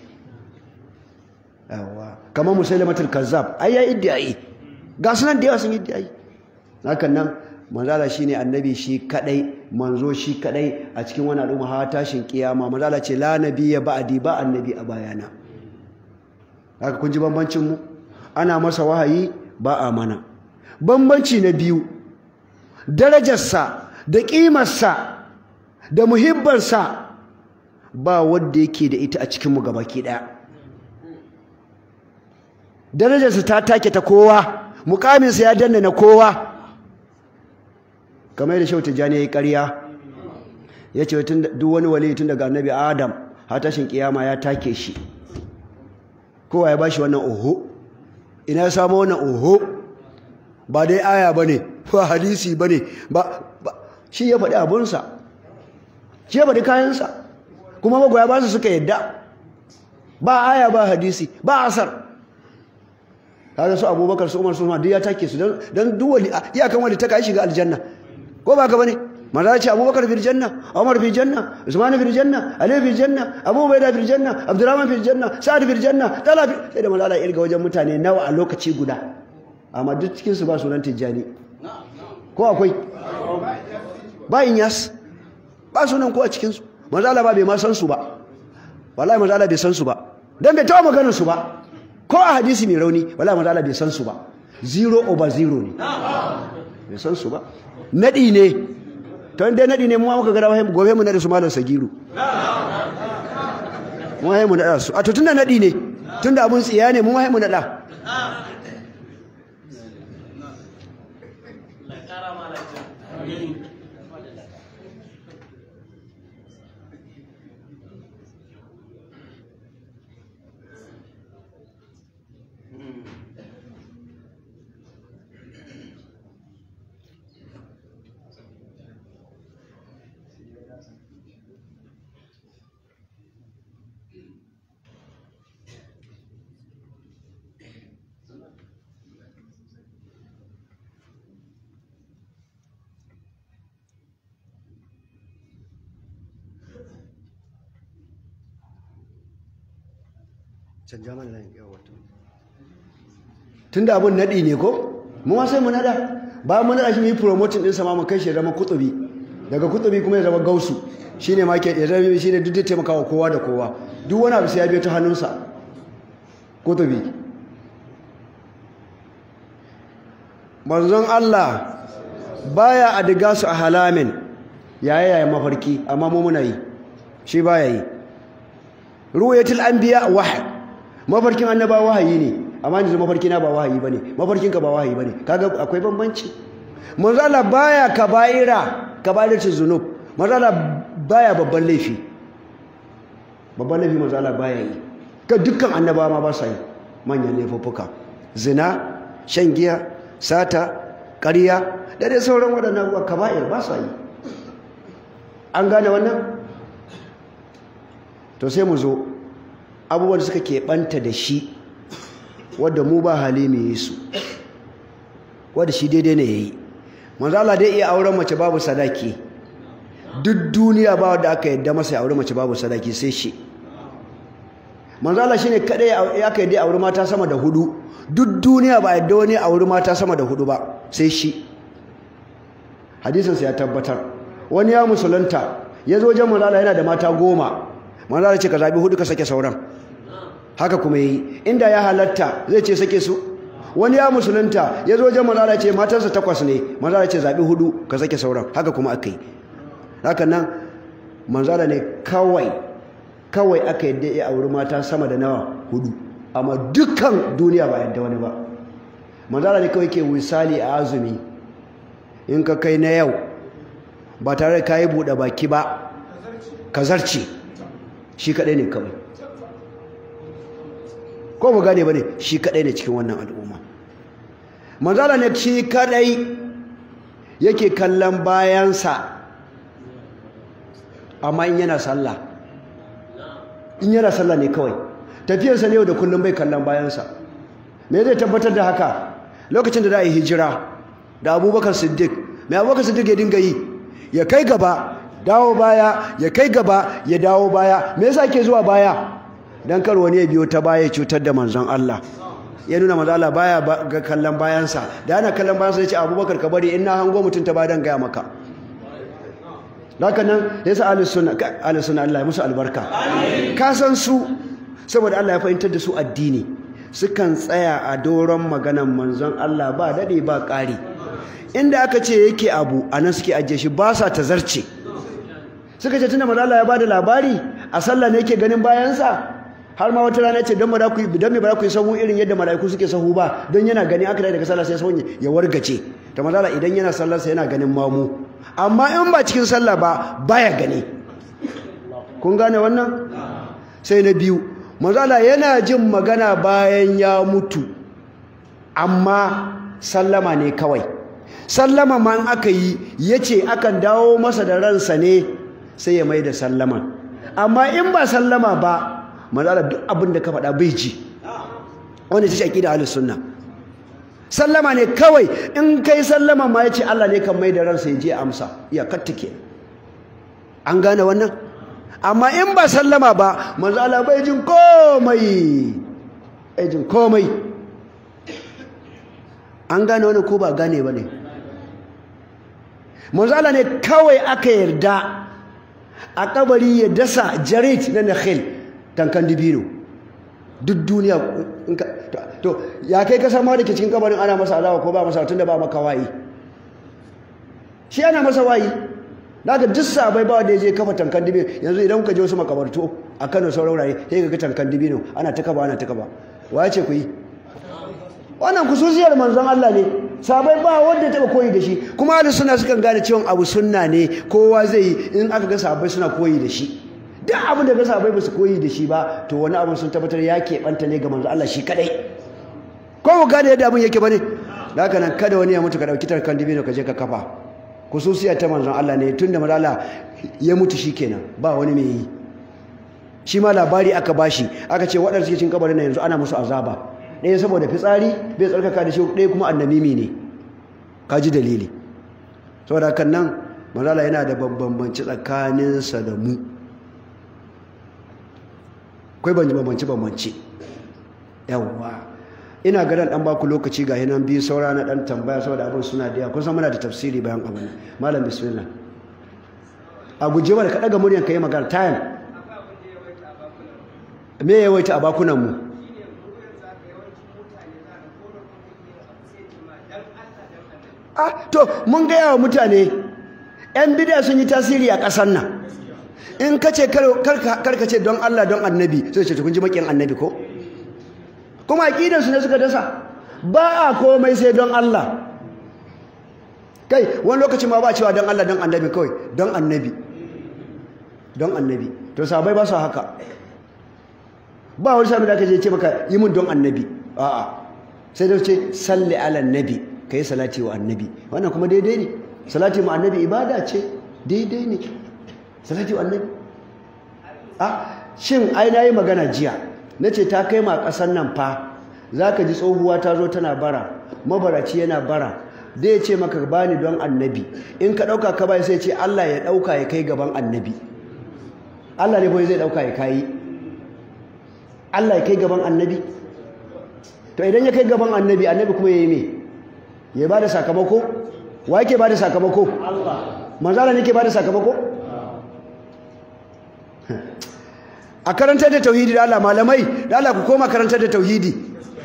kamar musailamatul kazzab ai ya iddiai ga sunan da yawa sun iddiai hakan nan manzala shine annabi shi kadai manzo shi kadai a cikin wani al'umma hawa tashin kiyama manzala ce la nabiyya ba'di ba annabi a bayana haka kun ji bambancin mu ana masa wahayi ba a mana bambanci na biyu darajarsa da ƙimarsa da sa ba wanda yake da ita a cikinmu gabaki ɗaya darajarsa ta take ta kowa mukaminsa ya danna na kowa kamar yadda shau tijjani ya yi ƙarya ya ce duk wani wali tun daga annabi adam hatashin tashin kiyama ya take shi kowa ya ba shi wannan oho ina ya samu wannan oho ba dai aya ba ne ba hadisi ba ne ba shi ya faɗi abunsa shi ya faɗi kayansa kuma magoya ba su suka yadda ba aya ba hadisi ba asar kaga su abubakar su umar su duk ya take su don duk ya iyakan wani ta kai shiga aljanna ko ba ka bane manzo ce abubakar fil janna umar fil janna usman fil janna ali fil janna abu fil janna abdurrahman fil janna sa'ad fil janna tala fil sai da malala irga wajen mutane nawa a lokaci guda amma duk cikin su ba sunan tijjani ko akwai ba in yas ba sunan ko a cikin su Allah ba bai ma san su ba wallahi manzo Allah bai san su ba dan bai taɓa maganar su ba ko a hadisi mai rauni wala manzo Allah bai san su ba zero over zero ne bai san su ba nadi ne ta wanda nadi ne mu ma muka gara gobe mu nadi su malam sagiru mu mu nada su a to tunda nadi ne tunda abun tsiya ne mu ma mu nada canja mana layin yawa da abun nadi ne ko mu ma sai mu naɗa. ba mu nada shi mu yi promotin din sama ma mu kai shi zama kutubi daga kutubi kuma ya zama gausu shi ne ke ya zama ne duk da taimakawa kowa da kowa duk wani abu sai ya biyo ta hannunsa kutsubi manzon Allah baya adiga su a halamin yayi yayi mafarki amma mu muna yi shi baya yi ruwayatul anbiya wahyi mafarkin annaba wahayi ne amma yanzu mafarkina ba wahayi bane mafarkin ka ba wahayi bane kaga akwai bambanci manzo Allah baya kaba'ira kaba'iratu zunub manzo Allah baya babban laifi babban laifi manzo Allah baya yi ka dukkan annaba ma ba sa yi manyan laifuffuka zina shan giya sata ƙarya da dai sauran waɗannan abubuwa kaba'ir ba sa yi an gane wannan to sai mu zo abubuwan da suka keɓanta da shi wadda mu ba hali mai yi su wadda shi daidai ne ya yi Manzala dai iya auren mace babu sadaki duk duniya ba wadda aka yadda masa ya auren mace babu sadaki sai shi Manzala shi shine kadai ya ka yadda dai auren mata sama da hudu duk duniya ba yadda wani auren mata sama da hudu ba sai shi hadisin ya tabbatar wani ya musulunta ya zo wajen Manzala yana da mata goma Manzala ce ka zabi hudu ka sake sauran haka kuma yi inda ya halatta zai ce sake su wani ya musulunta ya zo wajen manzara ce matarsa takwas ne manzara ce zaɓi hudu ka sake sauran haka kuma aka yi haka nan manzara ne kawai kawai aka yadda ya auri mata sama da nawa hudu amma dukkan duniya ba yadda wani ba manzara ne kawai ke misali a azumi in ka kai na yau ba tare da ka yi buɗe baki ba ka zarce shi kaɗai ne kawai ko ba gane ba ne shi kadai ne cikin wannan al'umma manzala ne shi kadai yake kallon bayansa amma in yana sallah in yana sallah ne kawai tafiyarsa ne yau da kullum bai kallon bayansa me zai tabbatar da haka lokacin da za a yi hijira da abubakar siddiq mai abubakar siddiq ya dinga yi ya kai gaba dawo baya ya kai gaba ya dawo baya me yasa ke zuwa baya dan kar wani ya biyo ta baya cutar da manzon Allah ya nuna manzon Allah baya ga kallon bayansa da ana kallon bayansa yace Abubakar ka bari ina hango mutun ta bayan ga maka lakanan nan yasa ahlus sunna sunna Allah ya musu albarka ka san su saboda Allah ya fahimtar da su addini sukan tsaya a doron maganan manzon Allah ba dade ba ƙari inda aka ce yake abu a nan suke ajiye shi ba sa tazarce suka ce tunda manzon Allah ya bada labari a sallah ne yake ganin bayansa har ma wata rana ce don ba ku don me ba ku yi sahu irin yadda mala'iku suke sahu ba don yana gani aka daga sallah sai sahun ya wargace ta mazala idan yana sallar sa yana ganin mamu amma in ba cikin sallah ba baya gani kun gane wannan sai na biyu mazala yana jin magana bayan ya mutu amma sallama ne kawai sallama ma in aka yi ya ce akan dawo masa da ransa ne sai ya mai da sallama amma in ba sallama ba manzala duk abin da ka faɗa bai ji wanda shi aƙida ahlus sunna sallama ne kawai in kai sallama ma ya ce Allah ne kan mai da ransa ya je amsa ya kattake an gane wannan amma in ba sallama ba manzo bai jin komai bai jin komai an gane wannan ko ba gane ba ne manzo ne kawai aka yarda a kabari ya dasa jarit na nakhil tankan dibino duk duniya to ya kai kasar ma da ke cikin kabarin ana masa alawa ko ba masa tun da ba maka wayi shi ana masa wayi ga duk sabai ba da ya je kafa tankan dibino yanzu idan kuka je wasu makabarto a Kano sauran wurare sai ga tankan dibino ana ta kaba ana ta kaba waye ce ku yi wannan kususiyar manzon Allah ne sabai ba wanda ya taba koyi da shi kuma da suna sukan gane cewa abu sunna ne kowa zai yi in aka ga sabai suna koyi da shi duk abin da gasa bai su koyi da shi ba to wani abin sun tabbatar ya keɓanta ne ga manzo Allah shi kadai ko ku gane yadda abin yake bane da haka nan kada wani ya mutu ka dauki tarkan dibino ka je ka kafa khususiyar ta manzon Allah ne tunda manzo Allah ya mutu kenan, ba wani mai yi shi ma labari aka bashi aka ce waɗanda suke cin kabarin yanzu ana musu azaba ɗaya saboda fitsari bai tsarkaka da shi ɗaya kuma annamimi ne ka ji dalili saboda kan nan Allah yana da tsakanin tsakaninsa da mu akwai banji bambance bambance yawwa ina ga dan baku lokaci ga hinan biyu saura na dan tambaya saboda abin suna da yawa kusan muna da tafsiri bayan abin malam bismillah a guje mana ka daga muryan ka yi magana tayan me ya yawaita a bakunan mu ah to mun gaya wa mutane 'yan bidiyar sun yi tasiri a ƙasar nan in ka ce karka ce don Allah don annabi sai ce kun ji makin annabi ko kuma aqidansu ne suka dasa ba a komai sai don Allah kai wani lokaci ma ba cewa don Allah don annabi kawai don annabi don annabi to sabai ba su haka ba wani sami da aka je ce maka yi mun don annabi a'a sai dai ce salli ala annabi kai salati wa annabi wannan kuma daidai ne salati ma annabi ibada ce daidai ne Salatu wa annabi a shin ai na yi magana jiya na ce ta kai ma kasan nan fa za ka ji tsohuwa ta zo tana bara mabaraci yana bara zai ce maka bani don annabi in ka dauka ka bai sai ce Allah ya dauka ya kai gaban annabi Allah ne bai zai dauka ya kai Allah ya kai gaban annabi to idan ya kai gaban annabi annabi kuma yayi me ya bada sakamako wa yake bada sakamako Allah manzala ne yake bada sakamako a karantar da tauhidi da Allah malamai da Allah ku koma karantar da tauhidi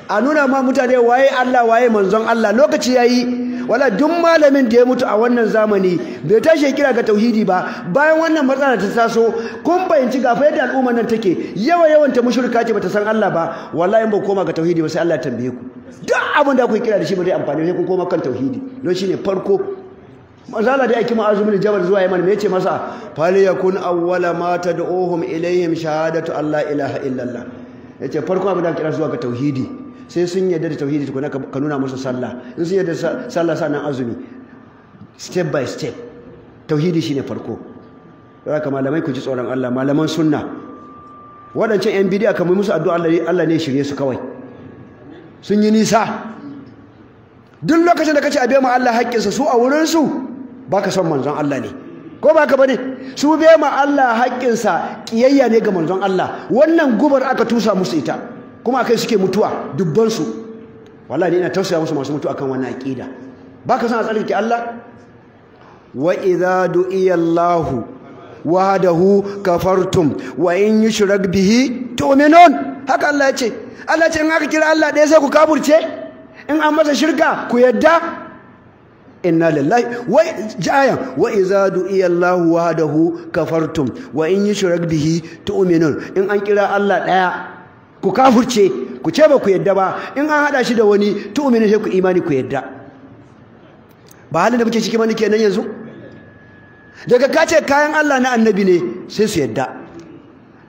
a nuna ma mutane waye Allah waye manzon Allah lokaci yayi wala duk malamin da ya mutu a wannan zamani bai tashi kira ga tauhidi ba bayan wannan matsala ta taso kun bayanci ga fa yadda al'ummar nan take yawa yawan ta mushrika ce bata san Allah ba wallahi ba koma ga tauhidi ba sai Allah ya tambaye ku duk abin da ku kira da shi ba zai amfani sai ku koma kan tauhidi don shine farko mazala da yake ma'azumi da jabal zuwa yaman me ce masa fal yakun awwala ma tad'uhum ilayhim shahadatu alla ilaha illallah yace farko abin da kira zuwa ga tauhidi sai sun yarda da tauhidi tukuna ka nuna musu sallah in sun yarda sallah sanan azumi step by step tauhidi shine farko ka malamai ku ji tsoron Allah malaman sunna wadancan yan bidiya kamar musu addu'a Allah ne shirye su kawai sun yi nisa duk lokacin da kace a bai mu Allah haƙƙinsa su a wurin su baka son manzon Allah ne ko baka bane su bai ma Allah haƙƙinsa ƙiyayya ne ga manzon Allah wannan gubar aka tusa musu ita kuma akai suke mutuwa dubbansu wallahi ne ina tausaya musu masu mutuwa akan wannan aƙida baka son a tsarkake Allah wa idza du'iya Allah wahdahu kafartum wa in yushrak bihi tu'minun haka Allah ya ce Allah ce in aka kira Allah ɗaya sai ku kaburce in an masa shirka ku yadda inna lillahi wai jayan wa iza du'iya Allah wahdahu kafartum wa in yushrak bihi tu'minun in an kira Allah daya ku kafurce ku ce ba ku yadda ba in an hada shi da wani tu'minu sai ku imani ku yadda ba halin da muke ciki ba kenan yanzu daga kace kayan Allah na annabi ne sai su yadda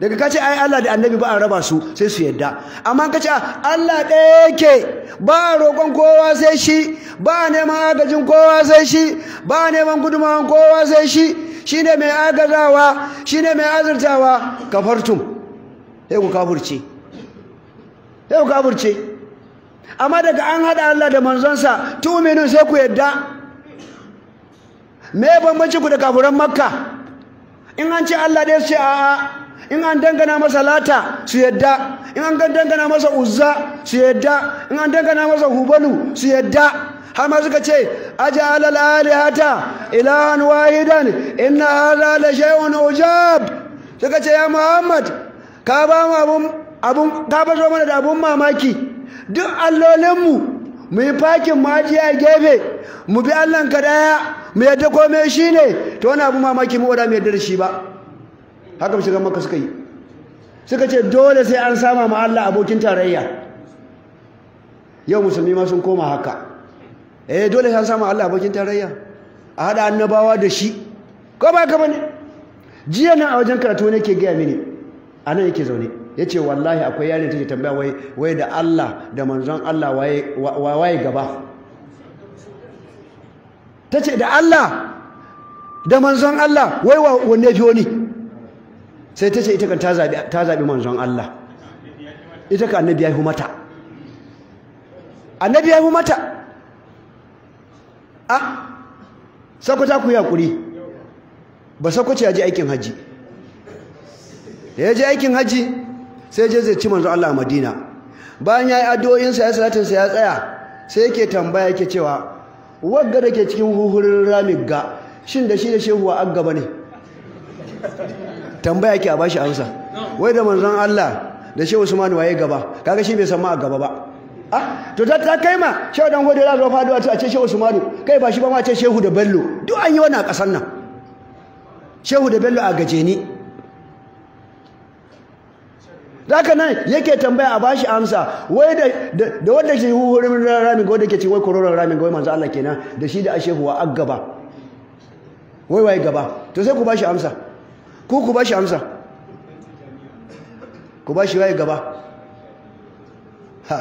daga kace ai Allah da annabi ba a raba su sai su yadda amma kace ah, Allah ɗaya yake ba a roƙon kowa sai shi ba a neman agajin kowa sai shi ba a neman gudumawa kowa sai shi shi ne mai agazawa shi ne mai azurtawa kafartum sai ku kafurce sai ku kafurce amma daga an haɗa Allah da manzonsa tu'minun sai ku yadda me bambanci ku da kafuran makka in an ce Allah ɗaya su ce a'a in an dangana masa lata su yadda in an dangana masa uzza su yadda in an dangana masa hubalu su yadda har ma suka ce aja'ala al-alihata ilahan wahidan inna hadha la shay'un ujab suka ce ya muhammad ka ba mu abun abun ka ba zo mana da abun mamaki duk allolinmu mu yi fakin a gefe mu bi ka daya mu yadda komai shine to wani abun mamaki mu wada mu yadda da shi ba haka shiga maka suka yi suka ce dole sai an sama ma Allah abokin tarayya yau musulmi ma sun koma haka eh dole sai an sama Allah abokin tarayya a hada annabawa da shi ko ba ka bane jiya nan a wajen karatu ne ke gaya mini anan yake zaune yace wallahi akwai ta take tambaya wai wai da Allah da manzon Allah waye waye gaba tace da Allah da manzon Allah wai wanne fi wani sai ta ce ita kan ta zaɓi manzon Allah ita ka annabi ya yi mata annabi ya yi mata a ah, sakwata ku yi haƙuri ba sakwace ya ji aikin hajji da ya ji aikin hajji sai je zai ci manzon Allah a madina bayan ya yi addu'o'insa ya salatinsa ya tsaya sai yake tambaya yake cewa wagga da ke cikin huhurin ramin ga shin da shi da shehuwa an ne tambaya ke a bashi amsa wai da manzon Allah da shehu Usman waye gaba kaga shi bai san ma a gaba ba ah to ta kai ma shehu dan gode ya zo faduwa a ce shehu Usman kai ba shi ba ma ce shehu da Bello duk an yi wannan a kasan nan shehu da Bello a gaje ni Zaka nan yake tambaya a bashi amsa wai da da wanda ke hurin ramin wanda ke ce wai kororon ramin wai manzo Allah kenan da shi da ashehu wa aggaba wai wai gaba to sai ku bashi amsa ko ku ba shi amsa ku ba shi waye gaba ha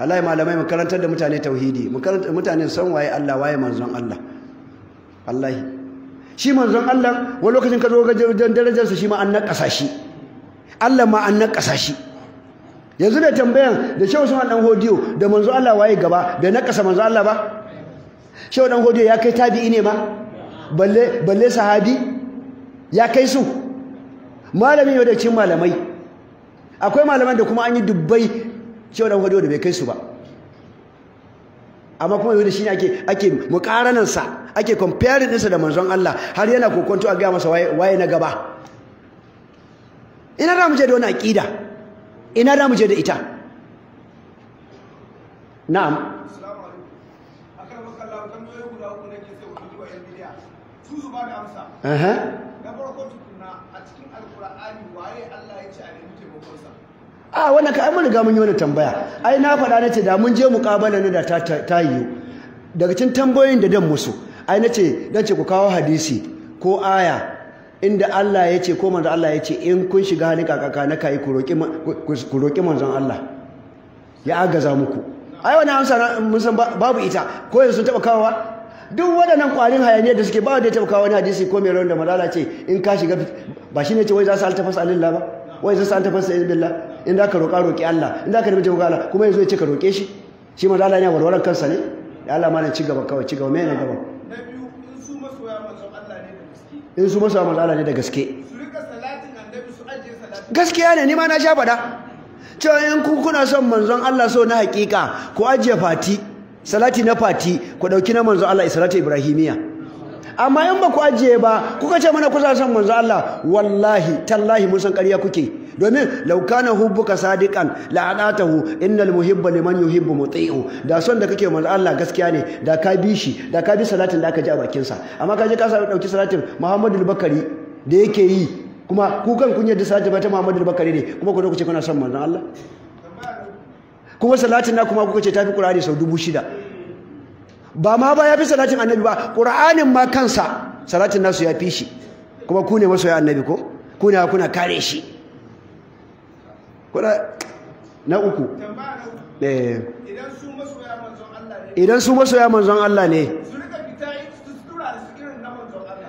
Allah malamai mu karantar da mutane tauhidi mu karantar mutane san waye Allah waye manzon Allah wallahi shi manzon Allah wani lokacin ka zo ga darajarsa shi ma an naƙasa shi Allah ma an naƙasa shi yanzu da tambayan da shehu Usman dan Hodiyo da manzon Allah waye gaba bai naƙasa manzon Allah ba shehu dan Hodiyo ya kai tabi'i ne ma balle balle sahabi ya kai su malami yau da cin malamai akwai malaman da kuma an yi dubbai cewa da wadda bai kai su ba amma kuma yau da shi ne ake mukaranansa ake comparing ɗinsa da manzon Allah har yana kokonto a gaya masa waye na gaba ina da muje da wani aƙida ina da muje da ita na'am Uh-huh. a wannan ka mun riga mun yi wani tambaya ai na faɗa na ce da mun je muƙabala ne da ta yiwu daga cikin tambayoyin da dan musu ai na ce dan ce ku kawo hadisi ko aya inda Allah ya ce ko manzon Allah ya ce in kun shiga ni kakaka na kai ku roƙi ku manzon Allah ya agaza muku ai wannan amsa mun san babu ita ko yanzu sun taba kawowa duk waɗannan ƙwarin hayaniyar da suke ba da ya taba kawo wani hadisi ko mai rawan da malala ce in ka shiga ba shi ne ce wai za su altafas alillah ba wai zai sa'anta tafasa izin billah in da ka roƙa roƙi Allah in za ka nemi taimako kuma yanzu ya ce ka roƙe shi shi manzo Allah a warware kansa ne Ya Allah na ci gaba kawai ci gaba mai ne gaba in su masoya manzo Allah ne da gaske su rika salatin annabi su ajiye salatin gaskiya ne ni ma na sha fada cewa in ku kuna son manzon Allah so na hakika ku ajiye fati salati na fati ku dauki na manzon Allah salatu ibrahimiyya. amma in ba ku ajiye ba kuka ce mana kusa san manzo Allah wallahi tallahi mun san ƙarya kuke domin law kana hubbuka sadiqan la anatahu innal muhibba liman yuhibbu muti'u da son da kake manzo Allah gaskiya ne da ka bi shi da ka bi salatin da aka ji a bakin sa amma ka je ka sa dauki salatin Muhammadu bakari da yake yi kuma ku kan kun yadda salatin ta Muhammadu bakari ne kuma ku dauke ku ce kuna son manzo Allah kuma salatin na kuma kuka ce tafi Qur'ani sau dubu shida ba ma ba ya fi salatin annabi ba ƙura'anin ma kansa salatin nasu ya fi shi kuma ku ne masoya annabi ko ku ne kuna kare shi kuna na uku eh. idan su masoya manzon Allah ne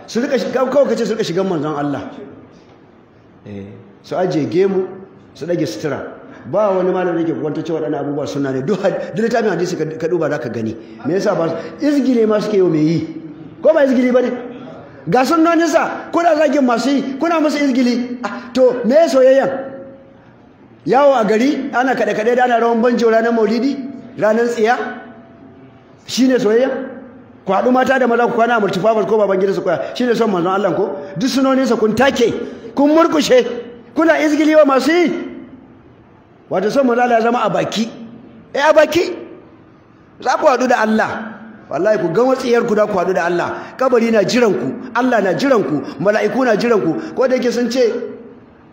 su rika kawai kace su rika shigan manzon Allah eh. su ajiye gemu su ɗage sutura ba wani malamin da ke kwanta cewa waɗannan abubuwa suna ne duk littafin hadisi ka duba za ka gani me yasa ba ne ma suke yau mai yi ko ba izgili ba ne ga sa kuna zagin masu yi kuna musu izgili ah, to me soyayyan yawo a gari ana kaɗe-kaɗe da ana rawan banjo ranar maulidi ranar tsiya shi ne soyayya ku haɗu mata da maza ku kwana a multifafal ko baban gida su kwaya shi ne son manzon Allah ko duk sa kun take kun murkushe kuna izgili wa masu yi Wata son mu Allah zama a baki Ya eh, baki za ku haɗu da Allah wallahi ku ga watsiyar ku da ku haɗu da Allah kabari na jiran ku Allah na jiran ku mala'iku na jiran ku ko da yake sun ce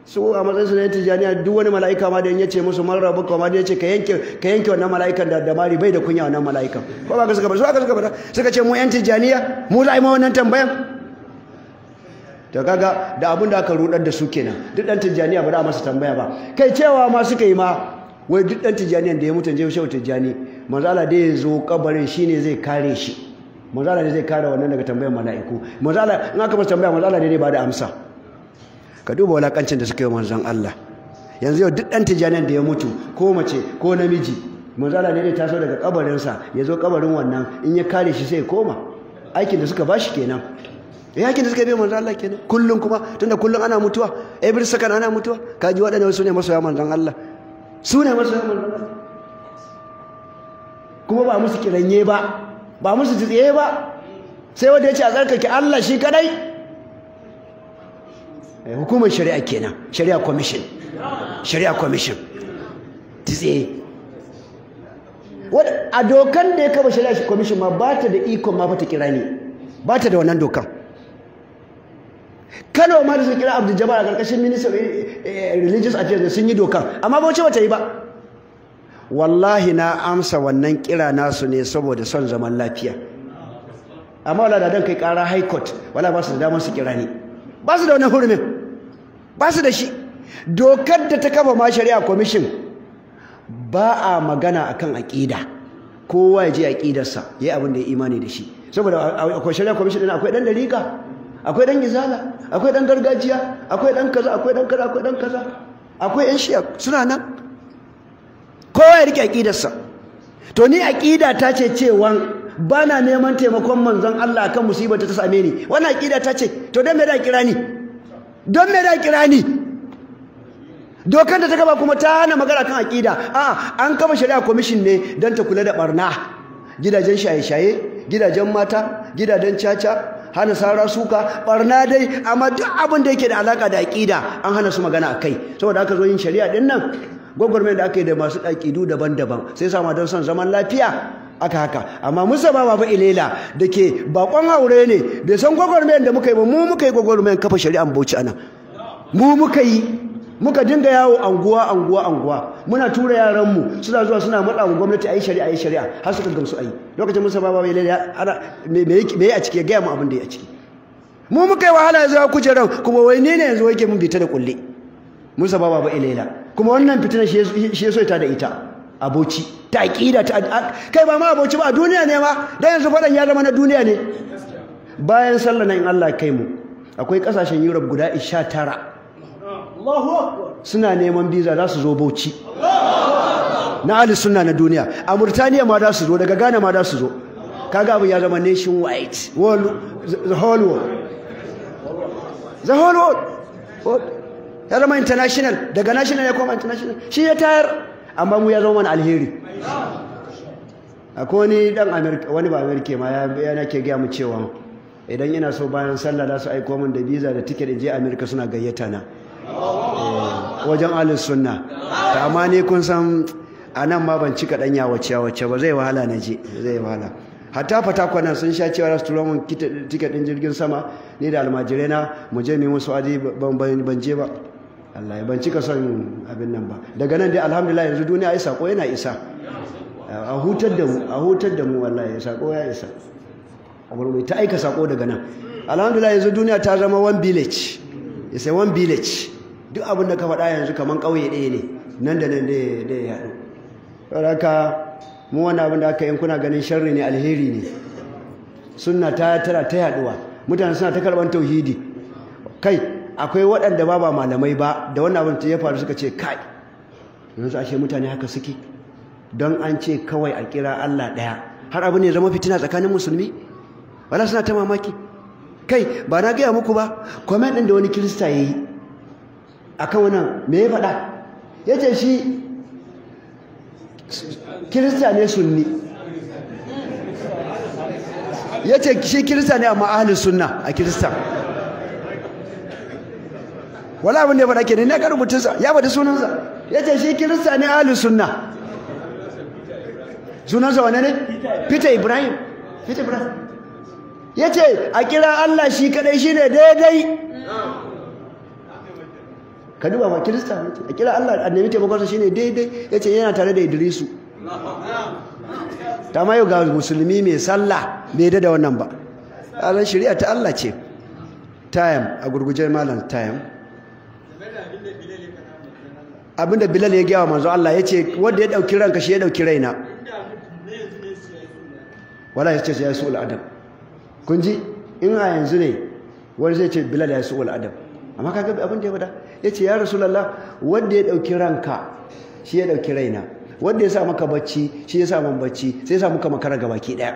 su a matsayin su na tijaniya duk wani mala'ika ma da yace musu man rabbuka ma da yace ka yanke ka yanke wannan mala'ikan da damari bai da kunya wannan mala'ikan ko ba ka suka ba suka suka ba ka ce mu yan tijaniya mu yi ma wannan tambayan ta gaga da abin da aka rudar da su kenan duk dan tijaniya ba da masa tambaya ba kai cewa ma suka yi ma wai duk dan tijaniyan da ya mutu je shehu tijjani manzo Allah da ya zo kabarin shine zai kare shi manzo Allah zai kare wannan daga tambayar mala'iku manzo Allah in aka masa tambaya manzo Allah ne ba bada amsa ka duba walakancin da suka yi manzon Allah yanzu yau duk dan tijaniyan da ya mutu ko mace ko namiji manzo Allah ne zai taso daga kabarinsa ya zo kabarin wannan in ya kare shi sai ya koma aikin da suka bashi kenan yakin da suka yi manzon Allah kenan Kullun kuma tunda kullun ana mutuwa every second ana mutuwa kaji waɗanda wasu ne masoya manzon Allah su ne masoya manzon Allah kuma ba musu kiranye ba ba musu tsiye ba sai wanda ya ce a tsarkake Allah shi kadai eh, hukumar shari'a kenan shari'a commission shari'a commission tsiye a dokan da ya kaba shari'a commission ma ba ta da iko ma ba ta kira ne ba ta da wannan dokan Kano ma da su kira Abdul Jabbar a karkashin minister eh, eh, religious affairs sun yi dokan amma wace bata yi ba wallahi na amsa wannan kira nasu ne saboda son zaman lafiya amma wala da dan kai kara high court wala ba su da damar su kira ni ba su da wani hurumin ba su da shi dokar da ta kafa ma shari'a commission ba a magana akan aƙida kowa ya je aƙidarsa yayi abin da ya imani da shi saboda akwai shari'a commission din akwai dan dalika akwai dan izala akwai dan gargajiya akwai dan kaza akwai dan kaza akwai dan kaza akwai yan shi'a suna nan kowa ya rike aqidarsa to ni aqida ta ce cewan bana neman taimakon manzon Allah akan musiba ta same ni wannan aqida ta ce to dan me da kira ni don me da kira ni dokar da ta gaba kuma ta hana magana kan aqida a an kama shari'a commission ne dan ta kula da barna gidajen shaye-shaye gidajen mata gidajen caca hana sara suka barna dai amma duk abin da yake da alaka da aƙida an hana su magana a kai saboda aka zo yin shari'a din nan gwagwarmen da aka yi da masu aƙidu daban-daban sai sama don son zaman lafiya aka haka amma musa ba baba ilela da ke bakon haure ne bai san gwagwarmen da muka yi ba mu muka yi gwagwarmen kafa shari'an bauchi anan mu muka yi muka dinga yawo anguwa anguwa anguwa muna tura yaranmu suna zuwa suna matsa wa gwamnati ayi shari'a ayi shari'a har suka gamsu ayi lokacin musa ba mai lada ana me yi a ciki gaya mu abin da ya ciki mu muka yi wahala ya a kujerar kuma wai ne ne yanzu wai ke mun bita da kulle musa ba ba ilaila kuma wannan fitina shi ya so ta da ita aboci ta aqida ta kai ba ma aboci ba a duniya ne ma dan yanzu fadan ya zama na duniya ne bayan sallah na in Allah kai mu akwai kasashen Europe guda 19 suna neman biza za su zo bauchi na ali suna na duniya a Murtaniya ma za su zo daga Ghana ma za su zo kaga abu ya zama nation white world the whole world the whole world ya zama international daga national ya koma international shi ya tayar amma mu ya zama wani alheri akwai wani dan amerika wani ba amerika ma ya yana ke gaya mu cewa idan ina so bayan sallah za su aiko min da visa da ticket in je amerika suna gayyata na Eh, wajen alis sunna ta amma ne kun san a nan ma ban cika ɗanya wace wacce ba zai wahala na je zai wahala hatta fatakwa kwanan sun sha cewa za su turo tiket ɗin jirgin sama ni da almajirai na mu je mu musu aji ban je ba Allah ban cika son abin nan ba daga nan dai alhamdulillah yanzu duniya isa sako yana isa a hutar da mu a hutar da mu wallahi sako ya isa mu ta aika sako daga nan alhamdulillah yanzu duniya ta zama one village it's a one village duk abin da ka faɗa yanzu kamar ƙauye ɗaya ne nan da nan da ya haɗu raka mu wani abin da aka yi kuna ganin sharri ne alheri ne suna ta tara ta yaɗuwa mutane suna ta karɓar tauhidi kai akwai waɗanda ba ba malamai ba da wannan abin ya faru suka ce kai yanzu ashe mutane haka suke don an ce kawai a kira Allah ɗaya har abu ne zama fitina tsakanin musulmi wala suna ta mamaki kai ba na gaya muku ba kwamen ɗin da wani kirista ya yi akan wannan me ya faɗa ya ce shi kirista ne sunni ya ce shi kirista ne amma ahalin sunna a kirista wala abin da ya faɗa kenan ne ga sa? ya fada sunansa ya ce shi kirista ne ahalin sunna sunansa wane ne peter ibrahim peter ibrahim ya ce a kira allah shi kadai shi ne daidai ka duba ma kirista ne a kira Allah a nemi taimakonsa shine daidai ce yana tare da Idrisu ta ma yau ga musulmi mai sallah bai da da wannan ba alan shari'a ta Allah ce tayam a gurguje malam tayam abinda Bilal ya gaya wa manzo Allah ce wanda ya dauki ranka shi ya dauki raina wala ya ce ya su Adam. kun ji in a yanzu ne wani zai ce Bilal ya su Adam? amma ka gabi abin da ya bada ya ce ya rasulallah wanda ya ɗauki ranka shi ya ɗauki raina wanda ya sa maka bacci shi ya sa man bacci sai ya sa muka makara gaba ki ɗaya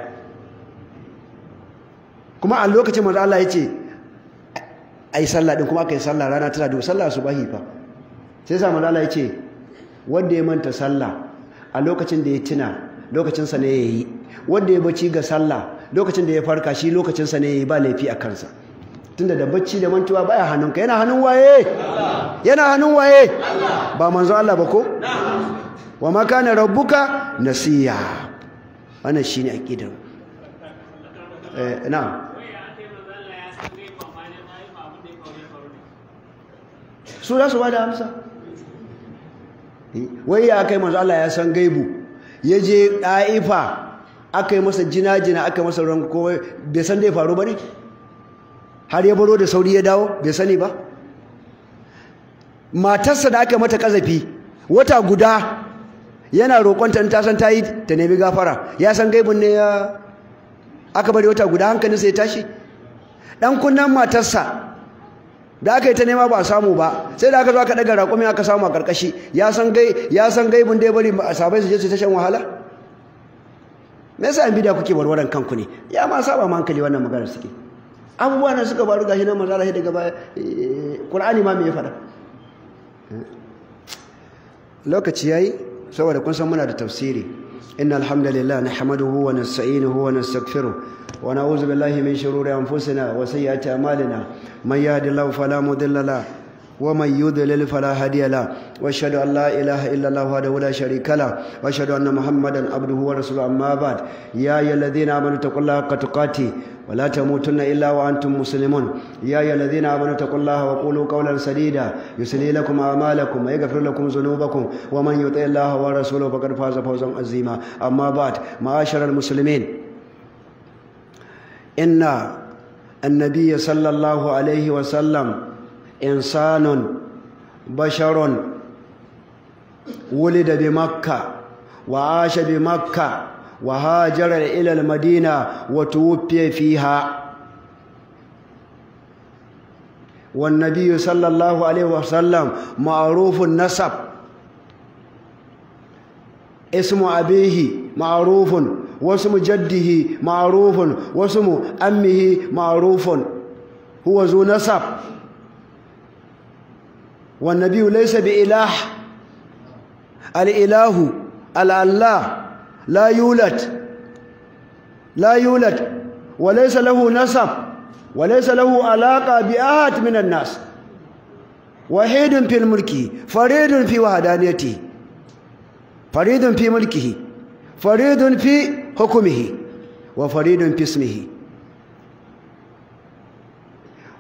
kuma a lokacin manzo Allah ya ce a yi sallah ɗin kuma aka yi sallah rana tana da sallah su bahi fa sai sa manzo Allah ya ce wanda ya manta sallah a lokacin da ya tuna lokacinsa ne ya yi wanda ya bacci ga sallah lokacin da ya farka shi lokacinsa ne ya yi ba laifi a kansa tunda da bacci da mantuwa baya hannunka yana hannun waye yana hannun waye ba manzo Allah ba ko wa ma kana rabbuka nasiya wannan shine aqidar eh na'am su za su ba da amsa wai ya kai manzo Allah ya san gaibu ya je da'ifa aka yi masa jina-jina aka yi masa ranko bai san da ya faru ba ne har ya baro da sauri ya dawo bai sani ba matarsa da aka mata kazafi wata guda yana roƙonta in ta san ta yi ta nemi gafara ya san gaibun ne ya aka bari wata guda hankalinsa ya tashi dan kunnan matarsa da aka yi ta nema ba a samu ba sai da aka zo aka daga raƙumi aka samu a ƙarƙashi ya san gai ya san gaibun da ya bari sabai su je su ta shan wahala me yasa an bida kuke warwaran kanku ne ya ma saba ma hankali wannan maganar suke abubuwa na suka faru gashi nan maza shi daga baya eh, qur'ani ma me fada eh. lokaci yayi saboda kun san muna da tafsiri inna alhamdulillah nahmaduhu wa nasta'inuhu wa nastaghfiruh wa na'udhu billahi min shururi anfusina wa sayyiati a'malina man yahdihillahu fala mudilla lahu ومن يضلل فلا هادي له واشهد ان لا اله الا الله وحده لا شريك له واشهد ان محمدا عبده ورسوله اما بعد يا ايها الذين امنوا اتقوا الله حق تقاته ولا تموتن إلا وأنتم مسلمون يا أيها الذين آمنوا اتقوا الله وقولوا قولا سديدا يسلي لكم أعمالكم ويغفر لكم ذنوبكم ومن يطع الله ورسوله فقد فاز فوزا عظيما أما بعد معاشر المسلمين إن النبي صلى الله عليه وسلم إنسان بشر ولد بمكة وعاش بمكة wa hajara ila al-madina wa tuwfiya fiha والنبي صلى الله عليه وسلم معروف النسب اسم أبيه معروف واسم جده معروف واسم أمه معروف هو ذو نسب والنبي ليس بإله الإله الأله لا يولد لا يولد وليس له نسب وليس له علاقة بأحد من الناس وحيد في الملك فريد في وحدانيته فريد في ملكه فريد في حكمه وفريد في اسمه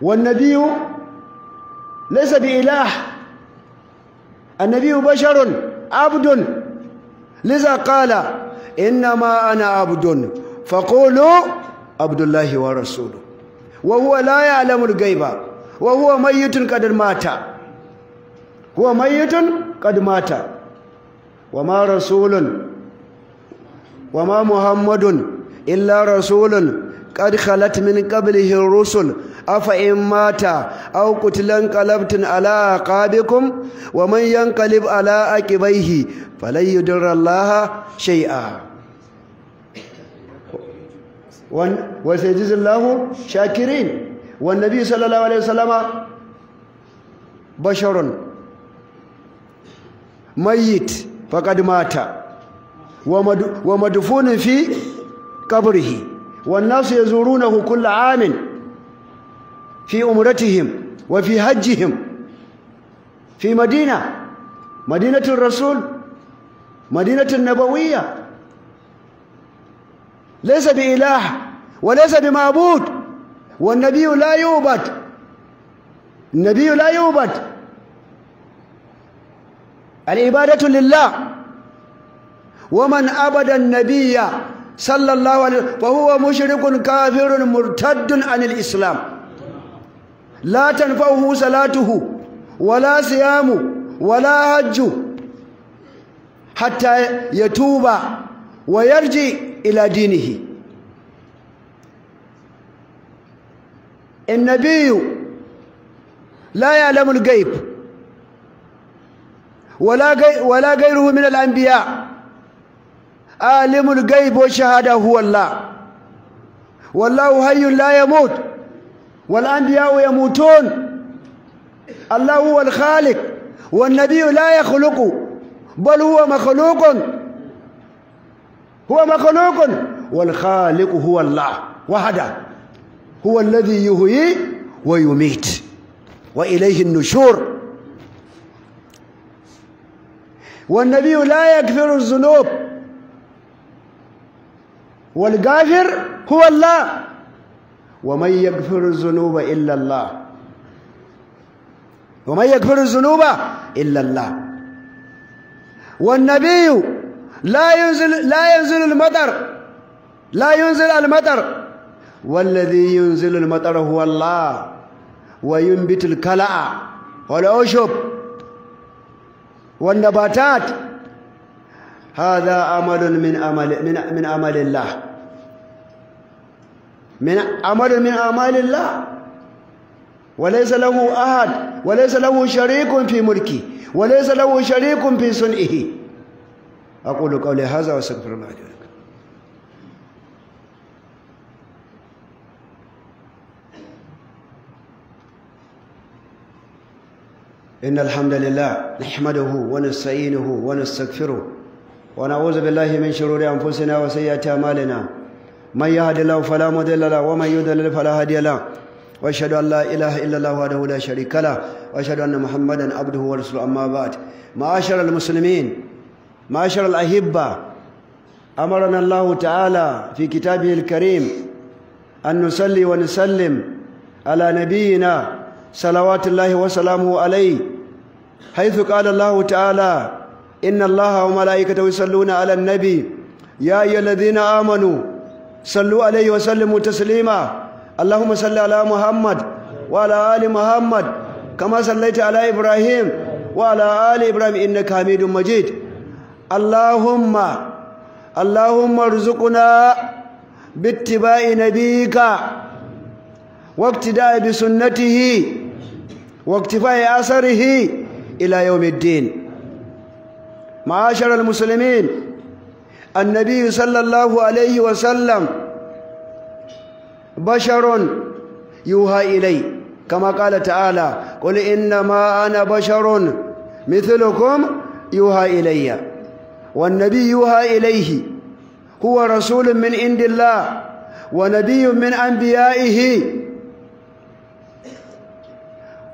والنبي ليس بإله النبي بشر عبد لذا قال إنما أنا عبد فقولوا عبد الله ورسوله وهو لا يعلم الغيب وهو ميت قد مات هو ميت قد مات وما رسول وما محمد إلا رسول قد خلت من قبله الرسل afa mata aw qutilan qalabtun ala aqabikum wa man yanqalib ala aqibaihi falan yudurrallaha shay'a wan wa sayjizillahu shakirin wan nabi sallallahu alaihi wasallama basharun mayyit faqad mata wa madfunin fi qabrihi wan nasu yazurunahu kull amin في أمرتهم وفي حجهم في مدينة مدينة الرسول مدينة النبوية ليس بإله وليس بمعبود والنبي لا يوبد النبي لا يوبد العبادة لله ومن عبد النبي صلى الله عليه وسلم فهو مشرك كافر مرتد عن الإسلام لا تنفعه صلاته ولا صيامه ولا حج حتى يتوب ويرجع إلى دينه النبي لا يعلم الغيب ولا ولا غيره من الأنبياء عالم الغيب والشهادة هو الله والله حي لا يموت والأنبياء يموتون الله هو الخالق والنبي لا يخلق بل هو مخلوق هو مخلوق والخالق هو الله وحده هو الذي يهوي ويميت وإليه النشور والنبي لا يكفر الذنوب والكافر هو الله ومن يغفر الذنوب إلا الله ومن يغفر الذنوب إلا الله والنبي لا ينزل لا ينزل المطر لا ينزل المطر والذي ينزل المطر هو الله وينبت الكلاء والعشب والنباتات هذا أمل من أمل من من أمل الله من عمل من أعمال الله وليس له أحد وليس له شريك في ملكه وليس له شريك في صنعه أقول قولي هذا وأستغفر الله لي ولكم إن الحمد لله نحمده ونستعينه ونستغفره ونعوذ بالله من شرور أنفسنا وسيئات أعمالنا من يهد الله فلا مضل له ومن يضلل فلا هادي له واشهد ان لا اله الا الله وحده لا شريك له واشهد ان محمدا عبده ورسوله اما بعد معاشر المسلمين معاشر الاحبه امرنا الله تعالى في كتابه الكريم ان نصلي ونسلم على نبينا صلوات الله وسلامه عليه حيث قال الله تعالى ان الله وملائكته يصلون على النبي يا ايها الذين امنوا صلوا عليه وسلموا تسليما اللهم صل على محمد وعلى آل محمد كما صليت على إبراهيم وعلى آل إبراهيم إنك حميد مجيد اللهم اللهم ارزقنا باتباع نبيك واقتداء بسنته واقتفاء أثره إلى يوم الدين معاشر المسلمين النبي صلى الله عليه وسلم بشر يوحى إلي كما قال تعالى قل إنما أنا بشر مثلكم يوحى إلي والنبي يوحى إليه هو رسول من عند الله ونبي من أنبيائه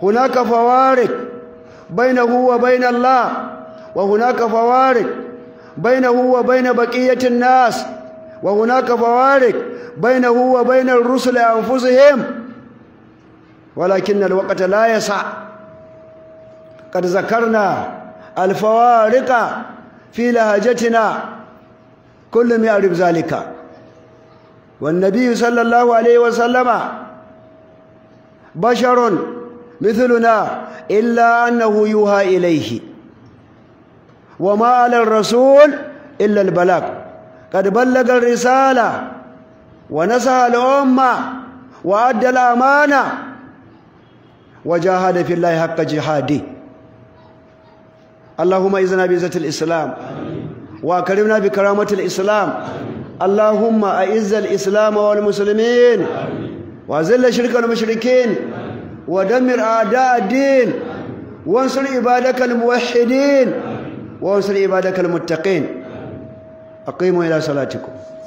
هناك فوارق بينه وبين الله وهناك فوارق بينه وبين بقية الناس وهناك فوارق بينه وبين الرسل أنفسهم ولكن الوقت لا يسع قد ذكرنا الفوارق في لهجتنا كل يعرف ذلك والنبي صلى الله عليه وسلم بشر مثلنا إلا أنه يوحى إليه وما على الرسول إلا البلاغ قد بلغ الرسالة ونصح الأمة وأدى الأمانة وجاهد في الله حق جهاده اللهم إذن بعزة الإسلام وأكرمنا بكرامة الإسلام اللهم أعز الإسلام والمسلمين وأذل شرك المشركين ودمر أعداء الدين وانصر عبادك الموحدين وانصر عبادك المتقين أقيموا إلى صلاتكم